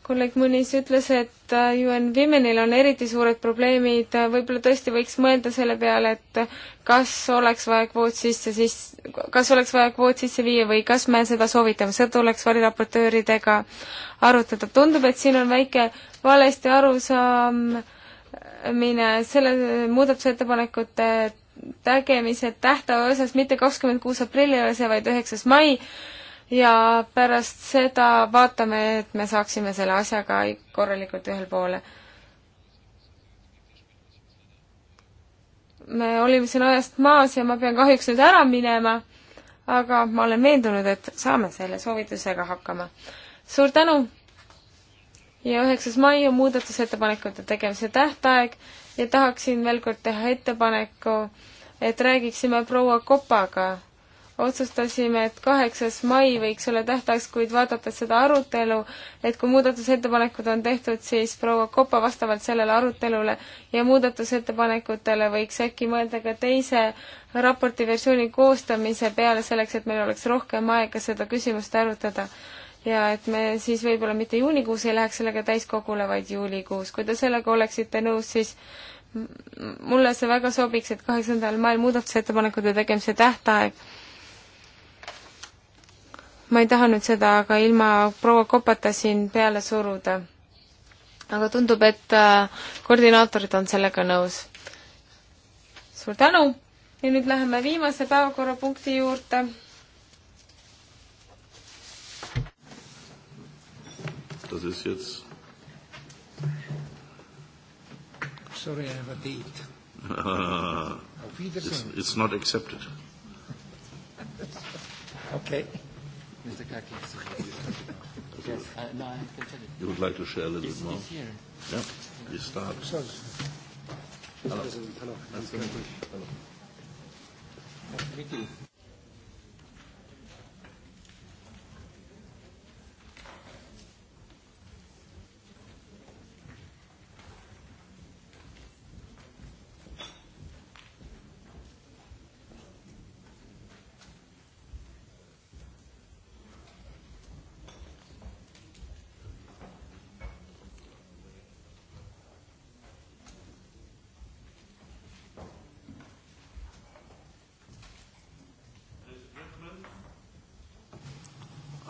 Speaker 2: kolleeg Mõnis ütles, et UN Womenil on eriti suured probleemid, võib-olla tõesti võiks mõelda selle peale, et kas oleks vaja kvoot sisse siis, kas oleks vaja kvoot sisse viia või kas me seda soovitame, seda tuleks variraportööridega arutada. tundub, et siin on väike valesti arusaam äh, mine selle muudatusettepanekute tegemise tähtaja osas mitte kakskümmend kuus aprilli osas, vaid üheksas mai ja pärast seda vaatame, et me saaksime selle asjaga korralikult ühele poole. me olime siin ajast maas ja ma pean kahjuks nüüd ära minema, aga ma olen veendunud, et saame selle soovitusega hakkama. suur tänu! ja üheksas mai on muudatusettepanekute tegemise tähtaeg ja tahaksin veel kord teha ettepaneku, et räägiksime proua Kopaga. otsustasime, et kaheksas mai võiks olla tähtajaks, kuid vaadates seda arutelu, et kui muudatusettepanekud on tehtud, siis proua Kopa vastavalt sellele arutelule ja muudatusettepanekutele võiks äkki mõelda ka teise raporti versiooni koostamise peale, selleks et meil oleks rohkem aega seda küsimust arutada ja et me siis võib-olla mitte juunikuus ei läheks sellega täiskogule, vaid juulikuus. kui te sellega oleksite nõus, siis mulle see väga sobiks, et kaheksandal mail muudatusettepanekute tegemise tähtaeg. ma ei taha nüüd seda aga ilma proua Kopata siin peale suruda. aga tundub, et äh, koordinaatorid on sellega nõus. suur tänu ja nüüd läheme viimase päevakorrapunkti juurde
Speaker 3: Das ist jetzt.
Speaker 1: Sorry, I have a
Speaker 2: date.
Speaker 3: Uh,
Speaker 2: Auf Wiedersehen.
Speaker 3: It's, it's not accepted. okay. Mr. Kaki, yes, uh, no, I can tell you. You would like to share a little it's, bit more? It's here. Yeah, we start. Sorry. Hello. Hello. Hello. Hello. Hello. Hello.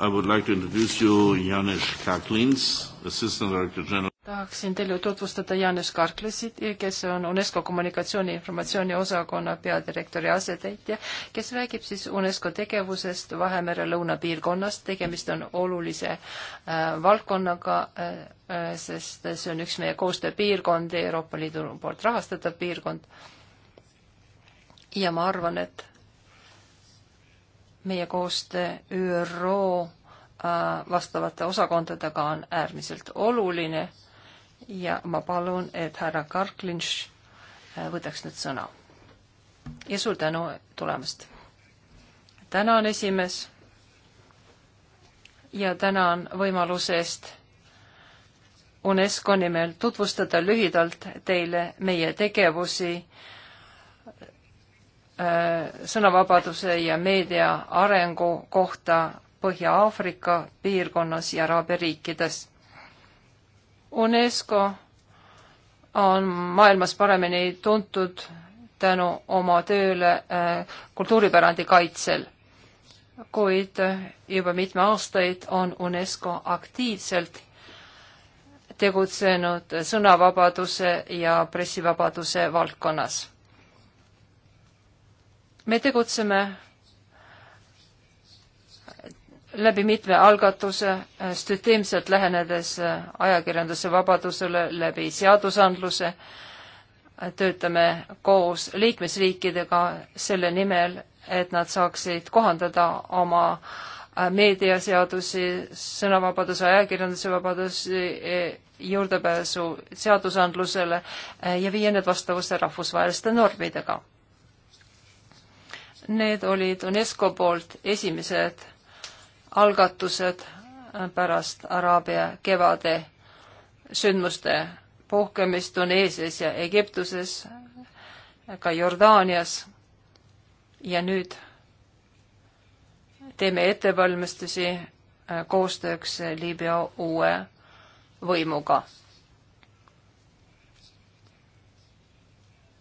Speaker 2: I would like to introduce you Janes Kaklins, Assistant Director General.
Speaker 1: tahaksin teile tutvustada Janes Karklesit, kes on UNESCO kommunikatsiooni informatsiooni osakonna peadirektori asetäitja, kes räägib siis UNESCO tegevusest Vahemere lõunapiirkonnas. tegemist on olulise äh, valdkonnaga äh, äh,, sest see on üks meie koostööpiirkondi, Euroopa Liidu poolt rahastatav piirkond. ja ma arvan, et meie koostöö ÜRO äh, vastavate osakondadega on äärmiselt oluline ja ma palun, et härra Karklinš äh, võtaks nüüd sõna. ja suur tänu tulemast. tänan, esimees. ja tänan võimaluse eest UNESCO nimel tutvustada lühidalt teile meie tegevusi äh, Äh, sõnavabaduse ja meedia arengu kohta Põhja-Aafrika piirkonnas ja Araabia riikides. UNESCO on maailmas paremini tuntud tänu oma tööle äh, kultuuripärandi kaitsel, kuid juba mitme aastaid on UNESCO aktiivselt tegutsenud sõnavabaduse ja pressivabaduse valdkonnas me tegutseme läbi mitme algatuse äh, süsteemselt lähenedes äh, ajakirjanduse vabadusele läbi seadusandluse, äh, töötame koos liikmesriikidega selle nimel, et nad saaksid kohandada oma meediaseadusi, sõnavabaduse, ajakirjanduse vabadusi, e, juurdepääsu seadusandlusele ja viia need vastavusse rahvusvaheliste normidega Need olid UNESCO poolt esimesed algatused pärast Araabia kevade sündmuste puhkemist Tuneesias ja Egiptuses, ka Jordaanias. ja nüüd teeme ettevalmistusi äh, koostööks Liibüa uue võimuga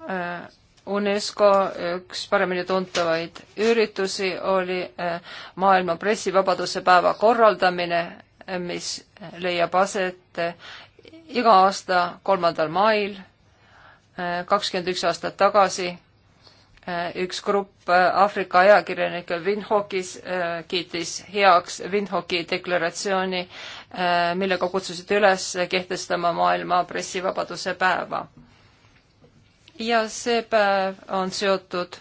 Speaker 1: äh, UNESCO üks paremini tuntavaid üritusi oli äh, maailma pressivabaduse päeva korraldamine, äh, mis leiab aset äh, iga aasta kolmandal mail. kakskümmend üks aastat tagasi üks grupp Aafrika ajakirjanikke Windhoekis kiitis heaks Windhoeki deklaratsiooni, millega kutsusid üles kehtestama maailma pressivabaduse päeva ja see päev on seotud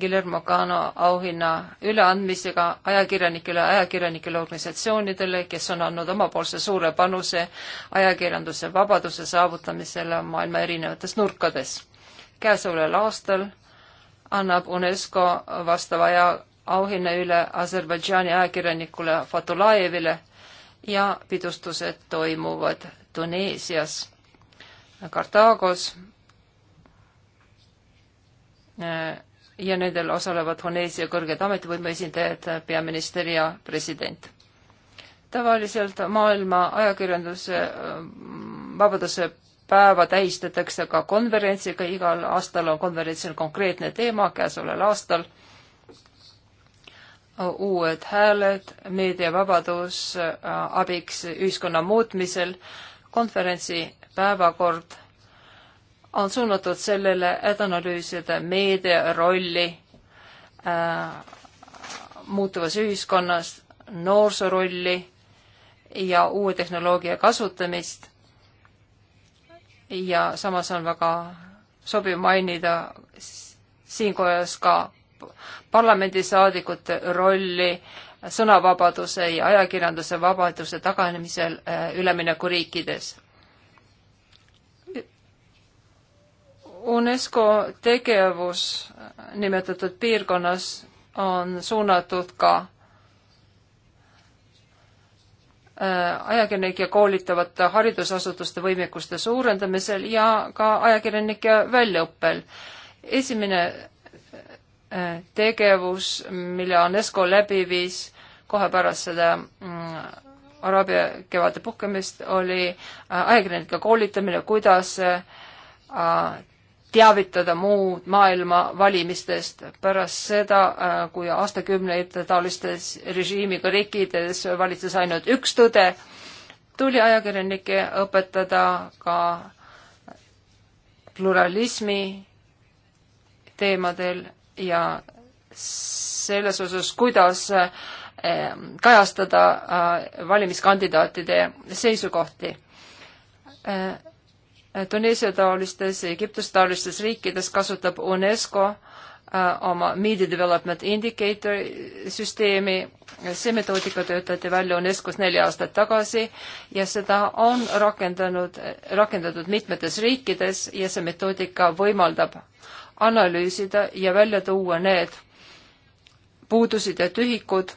Speaker 1: Guillermo Cano auhinna üleandmisega ajakirjanikele, ajakirjanikele organisatsioonidele, kes on andnud omapoolse suure panuse ajakirjanduse vabaduse saavutamisele maailma erinevates nurkades. käesoleval aastal annab UNESCO vastava aja auhinna üle Aserbaidžaani ajakirjanikule Fatulajevile ja pidustused toimuvad Tuneesias Kartaagos ja nendel osalevad Honeesia kõrged ametivõimu esindajad, peaminister ja president. tavaliselt maailma ajakirjanduse vabaduse päeva tähistatakse ka konverentsiga, igal aastal on konverentsil konkreetne teema, käesoleval aastal uued hääled, meediavabadus abiks ühiskonna muutmisel. konverentsi päevakord on suunatud sellele, et analüüsida meedia rolli äh, muutuvas ühiskonnas, noorsoo rolli ja uue tehnoloogia kasutamist. ja samas on väga sobiv mainida siinkohas ka parlamendisaadikute rolli sõnavabaduse ja ajakirjanduse vabaduse taganemisel äh, üleminekuriikides UNESCO tegevus nimetatud piirkonnas on suunatud ka äh, ajakirjanike koolitavate haridusasutuste võimekuste suurendamisel ja ka ajakirjanike väljaõppel. esimene äh, tegevus, mille UNESCO läbi viis kohe pärast seda mm, Araabia kevade puhkemist, oli äh, ajakirjanike koolitamine, kuidas teavitada muud maailma valimistest pärast seda, äh, kui aastakümneid taolistes režiimiga riikides valitses ainult üks tõde, tuli ajakirjanikke õpetada ka pluralismi teemadel ja selles osas, kuidas äh, kajastada äh, valimiskandidaatide seisukohti Tuneesia taolistes, Egiptus taolistes riikides kasutab UNESCO äh, oma Media Development Indicator süsteemi. see metoodika töötati välja UNESCO-s neli aastat tagasi ja seda on rakendanud, rakendatud mitmetes riikides ja see metoodika võimaldab analüüsida ja välja tuua need puudused ja tühikud,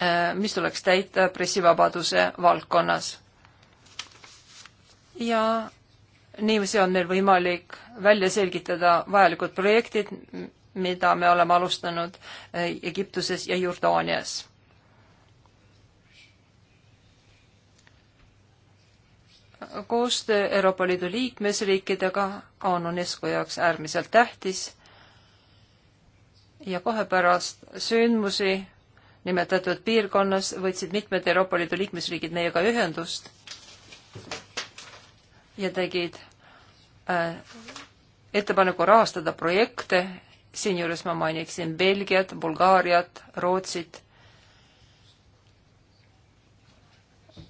Speaker 1: äh, mis tuleks täita pressivabaduse valdkonnas ja niiviisi on meil võimalik välja selgitada vajalikud projektid, mida me oleme alustanud eh, Egiptuses ja Jordaanias koostöö Euroopa Liidu liikmesriikidega on UNESCO jaoks äärmiselt tähtis ja kohe pärast sündmusi nimetatud piirkonnas võtsid mitmed Euroopa Liidu liikmesriigid meiega ühendust ja tegid äh, ettepaneku rahastada projekte, siinjuures ma mainiksin Belgiat, Bulgaariat, Rootsit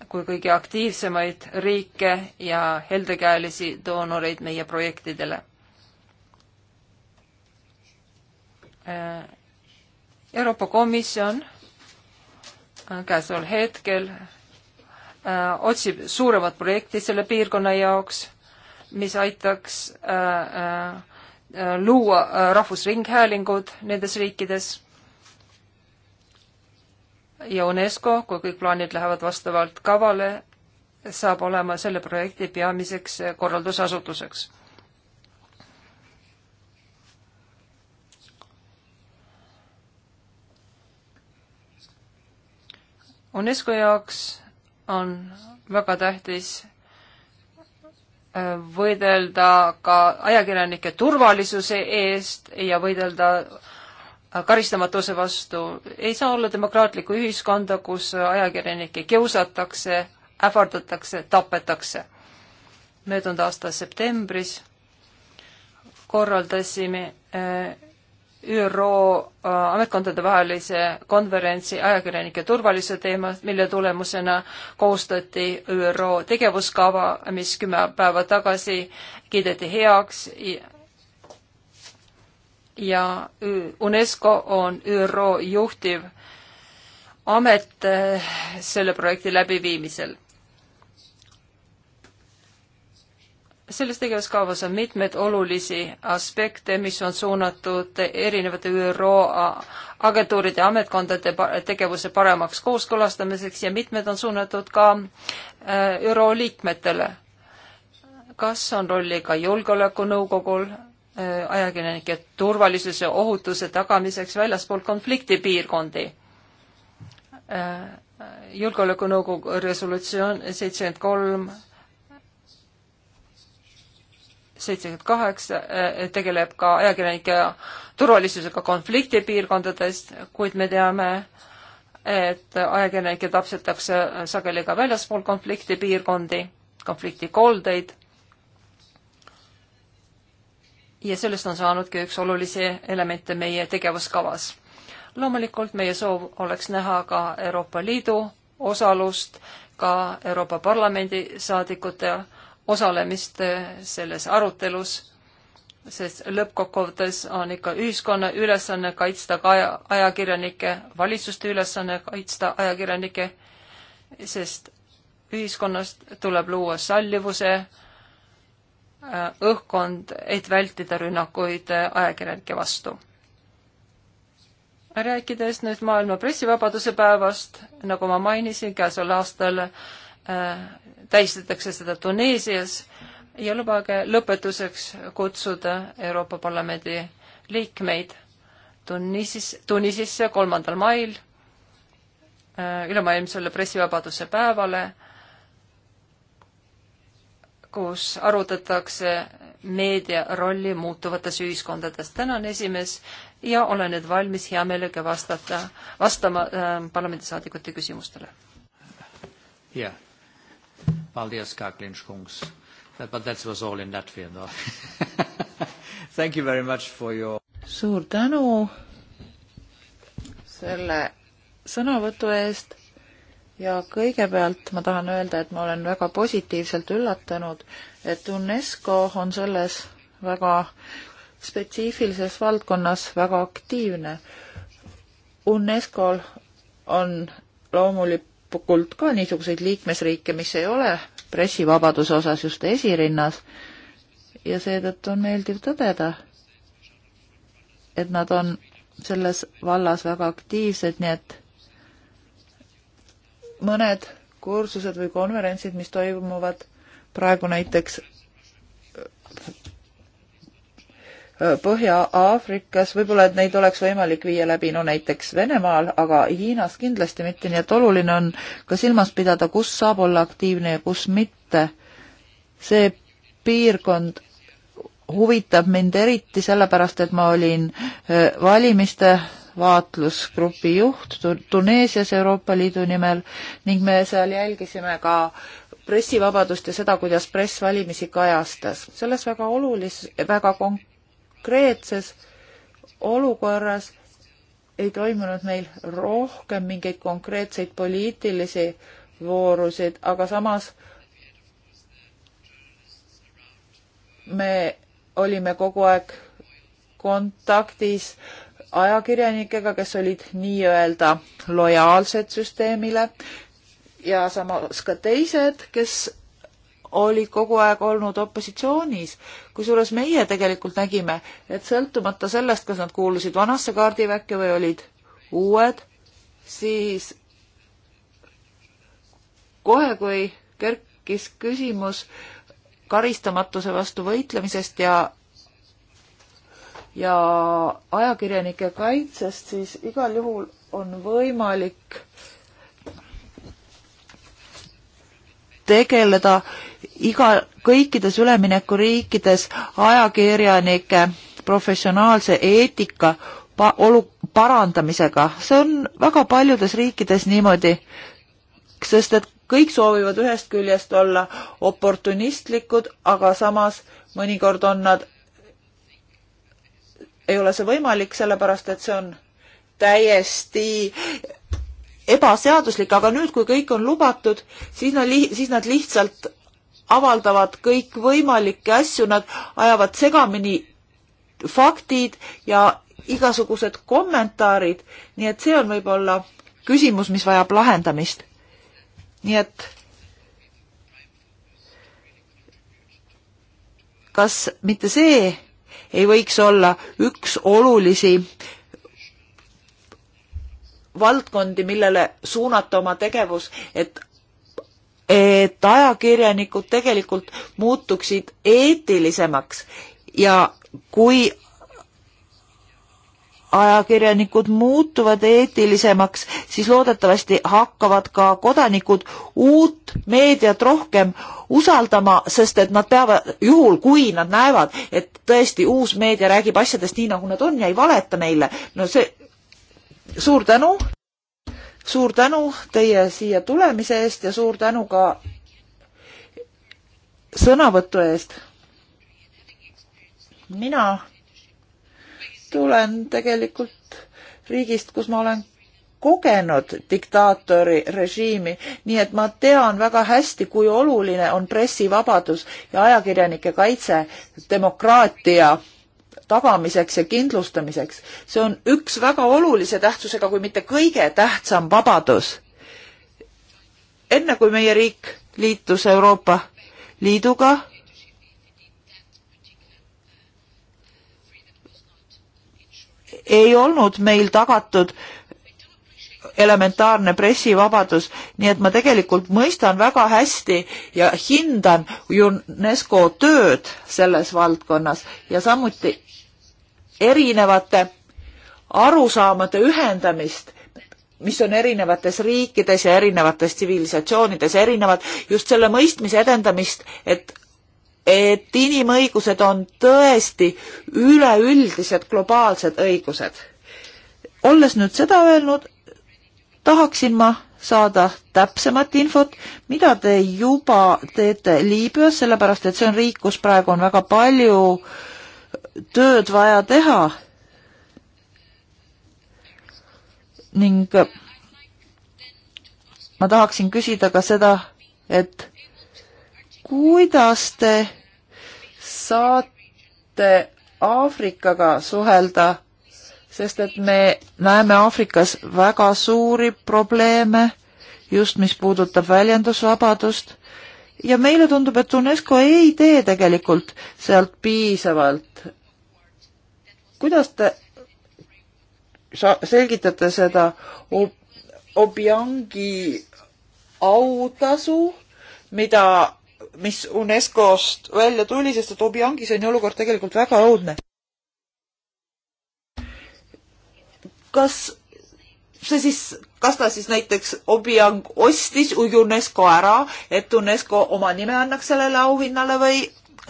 Speaker 1: kui kõige aktiivsemaid riike ja heldekäelisi doonoreid meie projektidele. Äh, Euroopa Komisjon äh, käesoleval hetkel Äh, otsib suuremat projekti selle piirkonna jaoks, mis aitaks äh, äh, äh luua äh, rahvusringhäälingud nendes riikides. ja UNESCO, kui kõik plaanid lähevad vastavalt kavale, saab olema selle projekti peamiseks korraldusasutuseks. UNESCO jaoks on väga tähtis äh, võidelda ka ajakirjanike turvalisuse eest ja võidelda äh, karistamatuse vastu. ei saa olla demokraatlikku ühiskonda, kus ajakirjanikke kiusatakse, ähvardatakse, tapetakse. möödunud aasta septembris korraldasime äh, ÜRO äh, ametkondadevahelise konverentsi ajakirjanike turvalisuse teemas, mille tulemusena koostati ÜRO tegevuskava, mis kümme päeva tagasi kiideti heaks ja UNESCO on ÜRO juhtiv amet äh, selle projekti läbiviimisel selles tegevuskavas on mitmeid olulisi aspekte, mis on suunatud erinevate ÜRO agentuuride ja ametkondade tegevuse paremaks kooskõlastamiseks ja mitmed on suunatud ka äh, ÜRO liikmetele. kas on rolli ka Julgeolekunõukogul äh, ajakirjanike turvalisuse ohutuse tagamiseks väljaspool konfliktipiirkondi? Äh, julgeolekunõukogu resolutsioon seitsekümmend kolm seitsekümmend kaheksa eh, tegeleb ka ajakirjanike turvalisusega konfliktipiirkondades, kuid me teame, et ajakirjanikke tapsetakse sageli ka väljaspool konfliktipiirkondi, konfliktikoldeid. ja sellest on saanudki üks olulisi elemente meie tegevuskavas. loomulikult meie soov oleks näha ka Euroopa Liidu osalust, ka Euroopa Parlamendi saadikute äh, osalemist eh, selles arutelus, sest lõppkokkuvõttes on ikka ühiskonna ülesanne kaitsta ka aja, ajakirjanikke, valitsuste ülesanne kaitsta ajakirjanikke, sest ühiskonnast tuleb luua sallivuse eh, õhkkond, et vältida rünnakuid eh, ajakirjanike vastu rääkides nüüd maailma pressivabaduse päevast, nagu ma mainisin, käesoleval aastal äh, tähistatakse seda Tuneesias ja lubage lõpetuseks kutsuda Euroopa Parlamendi liikmeid Tunisis, Tunisisse kolmandal mail äh, ülemaailmsele pressivabaduse päevale, kus arutatakse meedia rolli muutuvates ühiskondades. tänan, esimees, ja olen nüüd valmis hea meelega vastata, vastama äh, parlamendisaadikute küsimustele.
Speaker 3: jah yeah Paldies, Kaklinš kungs. That, but that was all in Latvian though. Thank you very much for your. suur tänu selle sõnavõtu eest ja kõigepealt ma tahan öelda, et ma olen väga positiivselt üllatunud, et UNESCO on selles väga spetsiifilises valdkonnas väga aktiivne. UNESCO-l on loomulik loomulikult ka niisuguseid liikmesriike, mis ei ole pressivabaduse osas just esirinnas ja seetõttu on meeldiv tõdeda, et nad on selles vallas väga aktiivsed, nii et mõned kursused või konverentsid, mis toimuvad praegu näiteks Põhja-Aafrikas, võib-olla et neid oleks võimalik viia läbi no näiteks Venemaal, aga Hiinas kindlasti mitte, nii et oluline on ka silmas pidada, kus saab olla aktiivne ja kus mitte. see piirkond huvitab mind eriti sellepärast, et ma olin valimiste vaatlusgrupi juht Tuneesias Euroopa Liidu nimel ning me seal jälgisime ka pressivabadust ja seda, kuidas press valimisi kajastas. selles väga olulis-, väga kon-, konkreetses olukorras ei toimunud meil rohkem mingeid konkreetseid poliitilisi voorusid, aga samas me olime kogu aeg kontaktis ajakirjanikega, kes olid nii-öelda lojaalsed süsteemile ja samas ka teised, kes olid kogu aeg olnud opositsioonis. kusjuures meie tegelikult nägime, et sõltumata sellest, kas nad kuulusid vanasse kaardiväkke või olid uued, siis kohe, kui kerkis küsimus karistamatuse vastu võitlemisest ja ja ajakirjanike kaitsest, siis igal juhul on võimalik äh, tegeleda iga, kõikides üleminekuriikides ajakirjanike professionaalse eetika pa, olu, parandamisega. see on väga paljudes riikides niimoodi, sest et kõik soovivad ühest küljest olla oportunistlikud, aga samas mõnikord on nad, ei ole see võimalik, sellepärast et see on täiesti ebaseaduslik, aga nüüd, kui kõik on lubatud, siis nad, siis nad lihtsalt avaldavad kõikvõimalikke asju, nad ajavad segamini faktid ja igasugused kommentaarid, nii et see on võib-olla küsimus, mis vajab lahendamist. nii et kas mitte see ei võiks olla üks olulisi valdkondi, millele suunata oma tegevus, et et ajakirjanikud tegelikult muutuksid eetilisemaks ja kui ajakirjanikud muutuvad eetilisemaks, siis loodetavasti hakkavad ka kodanikud uut meediat rohkem usaldama, sest et nad peavad, juhul kui nad näevad, et tõesti uus meedia räägib asjadest nii, nagu nad on ja ei valeta neile, no see suur tänu, suur tänu teie siia tulemise eest ja suur tänu ka sõnavõtu eest. mina tulen tegelikult riigist, kus ma olen kogenud diktaatori režiimi, nii et ma tean väga hästi, kui oluline on pressivabadus ja ajakirjanike kaitse demokraatia tagamiseks ja kindlustamiseks. see on üks väga olulise tähtsusega, kui mitte kõige tähtsam vabadus. enne kui meie riik liitus Euroopa Liiduga, ei olnud meil tagatud elementaarne pressivabadus, nii et ma tegelikult mõistan väga hästi ja hindan UNESCO tööd selles valdkonnas ja samuti erinevate arusaamade ühendamist, mis on erinevates riikides ja erinevates tsivilisatsioonides erinevad, just selle mõistmise edendamist, et et inimõigused on tõesti üleüldised globaalsed õigused. olles nüüd seda öelnud, tahaksin ma saada täpsemat infot, mida te juba teete Liibüas, sellepärast et see on riik, kus praegu on väga palju äh, tööd vaja teha ning ma tahaksin küsida ka seda, et kuidas te saate Aafrikaga suhelda, sest et me näeme Aafrikas väga suuri probleeme, just mis puudutab väljendusvabadust ja meile tundub, et UNESCO ei tee tegelikult sealt piisavalt kuidas te sa-, selgitate seda ob-, Objangi autasu, mida, mis UNESCO-st välja tuli, sest et Objangis on ju olukord tegelikult väga õudne. kas see siis, kas ta siis näiteks Obiang ostis UNESCO ära, et UNESCO oma nime annaks sellele auhinnale või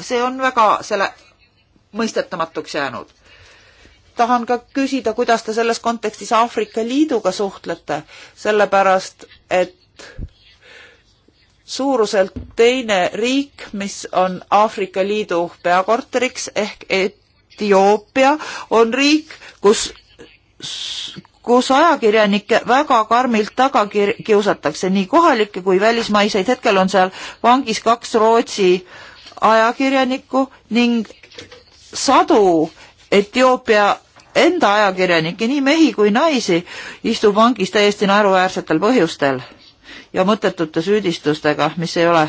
Speaker 3: see on väga selle mõistetamatuks jäänud? tahan ka küsida, kuidas te selles kontekstis Aafrika Liiduga suhtlete, sellepärast et suuruselt teine riik, mis on Aafrika Liidu peakorteriks ehk Etioopia, on riik, kus, kus ajakirjanikke väga karmilt taga kiusatakse, nii kohalikke kui välismaiseid. hetkel on seal vangis kaks Rootsi ajakirjanikku ning sadu Etioopia enda ajakirjanikke, nii mehi kui naisi, istub vangis täiesti naeruväärsetel põhjustel ja mõttetute süüdistustega, mis ei ole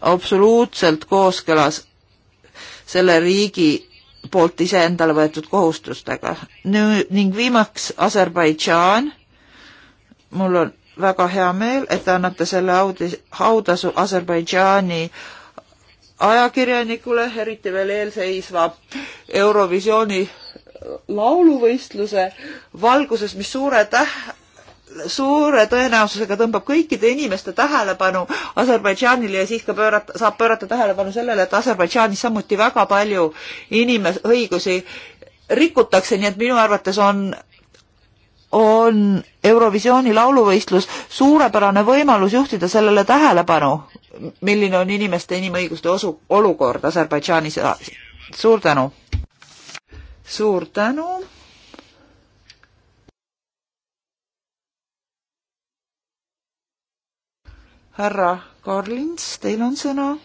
Speaker 3: absoluutselt kooskõlas selle riigi poolt iseendale võetud kohustustega. ning viimaks Aserbaidžaan. mul on väga hea meel, et te annate selle audi-, hautasu Aserbaidžaani ajakirjanikule, eriti veel eelseisva Eurovisiooni lauluvõistluse valguses, mis suure täh-, suure tõenäosusega tõmbab kõikide inimeste tähelepanu Aserbaidžaanile ja siis ka pöörata, saab pöörata tähelepanu sellele, et Aserbaidžaanis samuti väga palju inimes-, õigusi rikutakse, nii et minu arvates on on Eurovisiooni lauluvõistlus suurepärane võimalus juhtida sellele tähelepanu, milline on inimeste inimõiguste osu, olukord Aserbaidžaanis. suur tänu! suur tänu. härra Karlins, teil on sõna.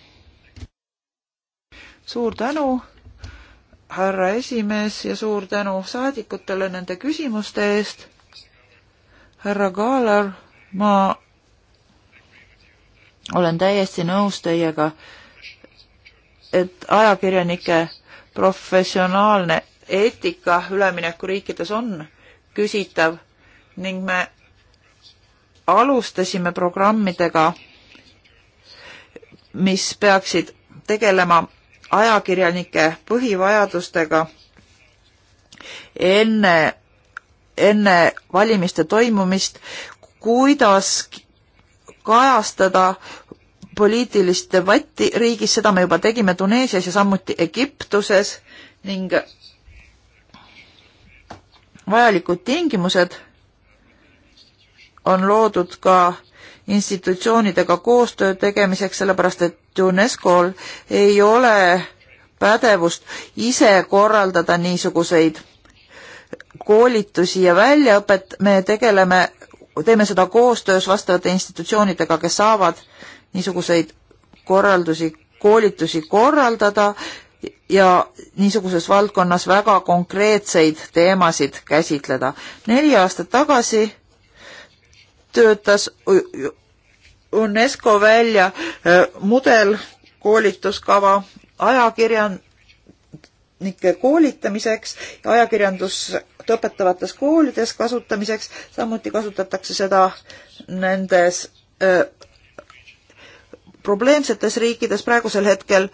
Speaker 3: suur tänu, härra esimees ja suur tänu saadikutele nende küsimuste eest. härra Kaalar, ma olen täiesti nõus teiega, et ajakirjanike professionaalne eetika üleminekuriikides on küsitav ning me alustasime programmidega, mis peaksid tegelema ajakirjanike põhivajadustega enne, enne valimiste toimumist, kuidas kajastada poliitilist debatti riigis, seda me juba tegime Tuneesias ja samuti Egiptuses ning vajalikud tingimused, on loodud ka institutsioonidega koostöö tegemiseks, sellepärast et UNESCO-l ei ole pädevust ise korraldada niisuguseid koolitusi ja väljaõpet, me tegeleme, teeme seda koostöös vastavate institutsioonidega, kes saavad niisuguseid korraldusi, koolitusi korraldada ja niisuguses valdkonnas väga konkreetseid teemasid käsitleda. neli aastat tagasi töötas UNESCO välja äh, mudel koolituskava ajakirjanike koolitamiseks ja ajakirjandust õpetavates koolides kasutamiseks, samuti kasutatakse seda nendes äh, probleemsetes riikides, praegusel hetkel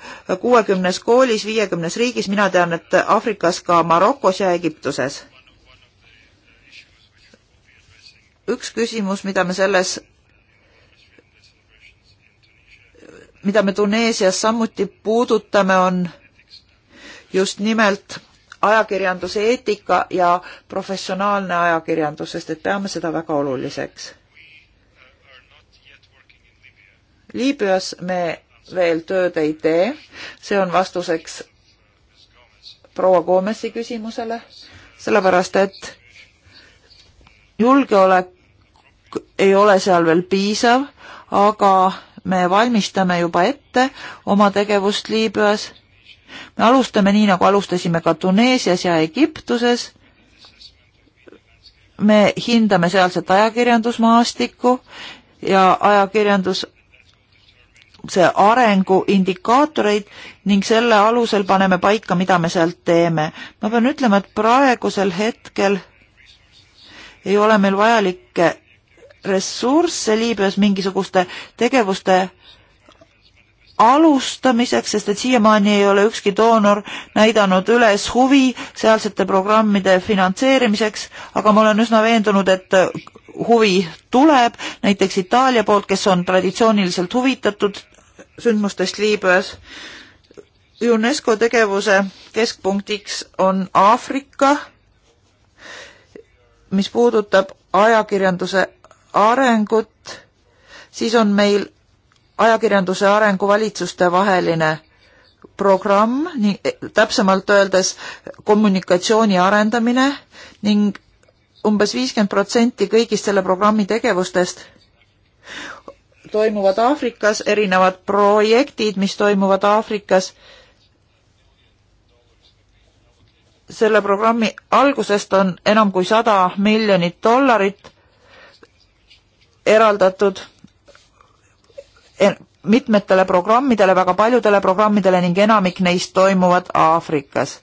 Speaker 3: kuuekümnes koolis, viiekümnes riigis, mina tean, et Aafrikas ka Marokos ja Egiptuses. üks küsimus, mida me selles, mida me Tuneesias samuti puudutame, on just nimelt ajakirjanduse eetika ja professionaalne ajakirjandus, sest et peame seda väga oluliseks Liibüas me veel tööd ei tee, see on vastuseks proua Koomesi küsimusele, sellepärast et julgeolek ei ole seal veel piisav, aga me valmistame juba ette oma tegevust Liibüas. me alustame nii, nagu alustasime ka Tuneesias ja Egiptuses. me hindame sealset ajakirjandusmaastikku ja ajakirjandus see arenguindikaatoreid ning selle alusel paneme paika, mida me sealt teeme. ma pean ütlema, et praegusel hetkel ei ole meil vajalikke ressursse Liibüas mingisuguste tegevuste alustamiseks, sest et siiamaani ei ole ükski doonor näidanud üles huvi sealsete programmide finantseerimiseks, aga ma olen üsna veendunud, et huvi tuleb, näiteks Itaalia poolt, kes on traditsiooniliselt huvitatud sündmustest Liibüas. UNESCO tegevuse keskpunktiks on Aafrika, mis puudutab ajakirjanduse arengut, siis on meil ajakirjanduse arengu valitsuste vaheline programm, nii täpsemalt öeldes kommunikatsiooni arendamine ning umbes viiskümmend protsenti kõigist selle programmi tegevustest toimuvad Aafrikas, erinevad projektid, mis toimuvad Aafrikas. selle programmi algusest on enam kui sada miljonit dollarit eraldatud mitmetele programmidele, väga paljudele programmidele ning enamik neist toimuvad Aafrikas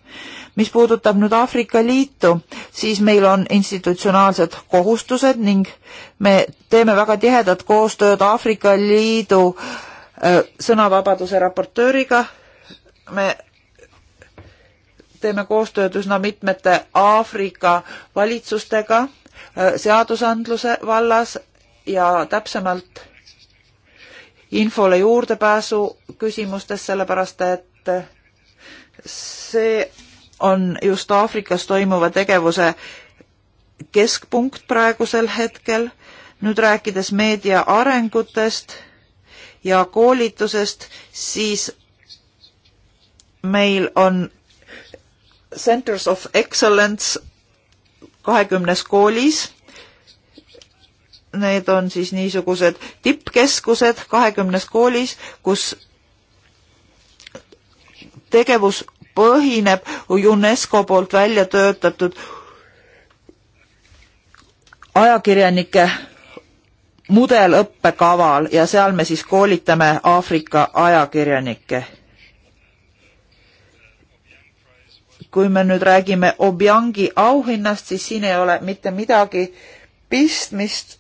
Speaker 3: mis puudutab nüüd Aafrika Liitu, siis meil on institutsionaalsed kohustused ning me teeme väga tihedat koostööd Aafrika Liidu äh, sõnavabaduse raportööriga. me teeme koostööd üsna mitmete Aafrika valitsustega äh, seadusandluse vallas ja täpsemalt infole juurdepääsu küsimustes, sellepärast et äh, see on just Aafrikas toimuva tegevuse keskpunkt praegusel hetkel. nüüd rääkides meedia arengutest ja koolitusest, siis meil on Centers of Excellence kahekümnes koolis. Need on siis niisugused tippkeskused kahekümnes koolis, kus tegevus põhineb UNESCO poolt välja töötatud ajakirjanike mudelõppekaval ja seal me siis koolitame Aafrika ajakirjanikke. kui me nüüd räägime Objangi auhinnast, siis siin ei ole mitte midagi pistmist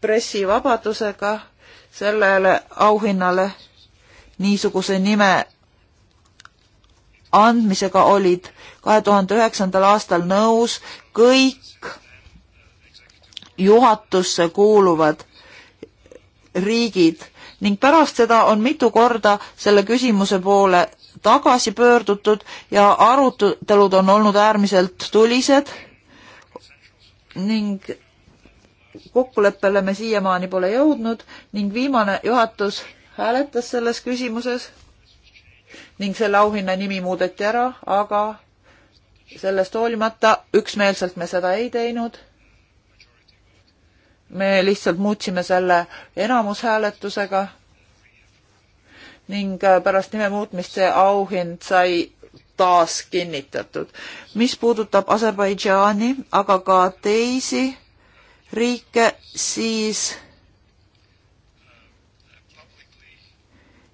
Speaker 3: pressivabadusega sellele auhinnale niisuguse nime andmisega olid kahe tuhande üheksandal aastal nõus kõik juhatusse kuuluvad riigid ning pärast seda on mitu korda selle küsimuse poole tagasi pöördutud ja arutelud on olnud äärmiselt tulised ning kokkuleppele me siiamaani pole jõudnud ning viimane juhatus hääletas selles küsimuses ning selle auhinna nimi muudeti ära, aga sellest hoolimata üksmeelselt me seda ei teinud. me lihtsalt muutsime selle enamushääletusega ning pärast nime muutmist see auhind sai taas kinnitatud. mis puudutab Aserbaidžaani, aga ka teisi riike, siis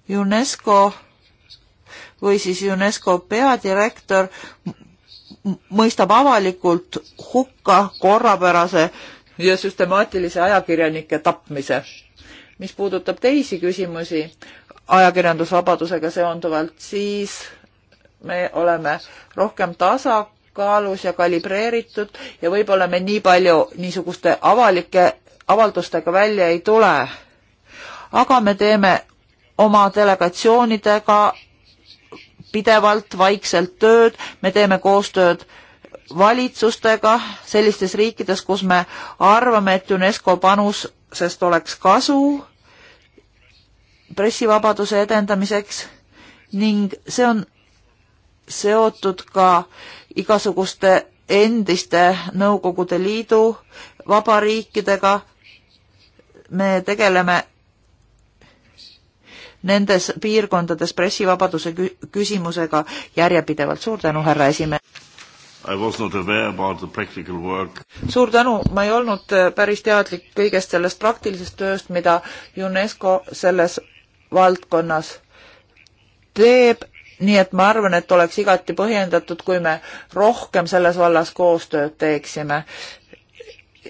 Speaker 3: UNESCO või siis UNESCO peadirektor mõistab avalikult hukka korrapärase ja süstemaatilise ajakirjanike tapmise. mis puudutab teisi küsimusi ajakirjandusvabadusega seonduvalt, siis me oleme rohkem tasakaalus ja kalibreeritud ja võib-olla me nii palju niisuguste avalike avaldustega välja ei tule. aga me teeme oma delegatsioonidega pidevalt vaikselt tööd, me teeme koostööd valitsustega sellistes riikides, kus me arvame, et UNESCO panusest oleks kasu pressivabaduse edendamiseks ning see on seotud ka igasuguste endiste Nõukogude Liidu vabariikidega. me tegeleme nendes piirkondades pressivabaduse küsimusega järjepidevalt. suur tänu, härra esimees! suur tänu, ma ei olnud äh, päris teadlik kõigest sellest praktilisest tööst, mida UNESCO selles valdkonnas teeb, nii et ma arvan, et oleks igati põhjendatud, kui me rohkem selles vallas koostööd teeksime.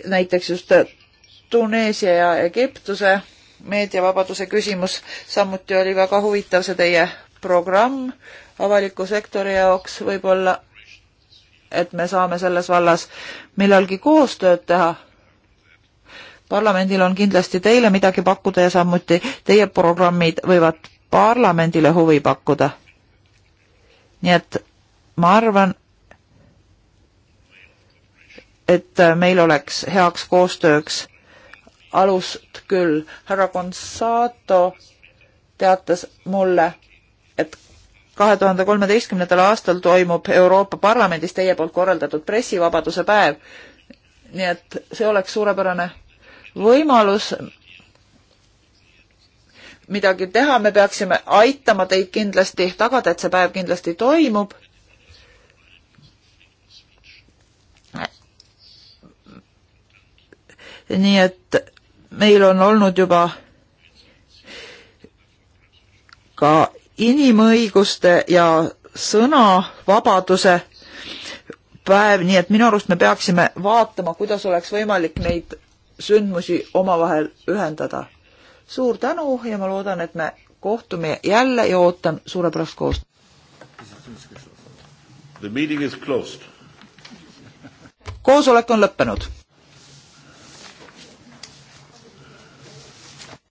Speaker 3: näiteks just äh, Tuneesia ja Egiptuse meediavabaduse küsimus, samuti oli väga huvitav see teie programm avaliku sektori jaoks, võib-olla et me saame selles vallas millalgi koostööd teha. parlamendil on kindlasti teile midagi pakkuda ja samuti teie programmid võivad parlamendile huvi pakkuda. nii et ma arvan, et meil oleks heaks koostööks alust küll. härra Gonzato teatas mulle, et kahe tuhande kolmeteistkümnendal aastal toimub Euroopa Parlamendis teie poolt korraldatud pressivabaduse päev. nii et see oleks suurepärane võimalus midagi teha, me peaksime aitama teid kindlasti, tagada, et see päev kindlasti toimub nii et meil on olnud juba ka inimõiguste ja sõnavabaduse päev, nii et minu arust me peaksime vaatama, kuidas oleks võimalik neid sündmusi omavahel ühendada. suur tänu ja ma loodan, et me kohtume jälle ja ootan suurepärast koostööd. koosolek on lõppenud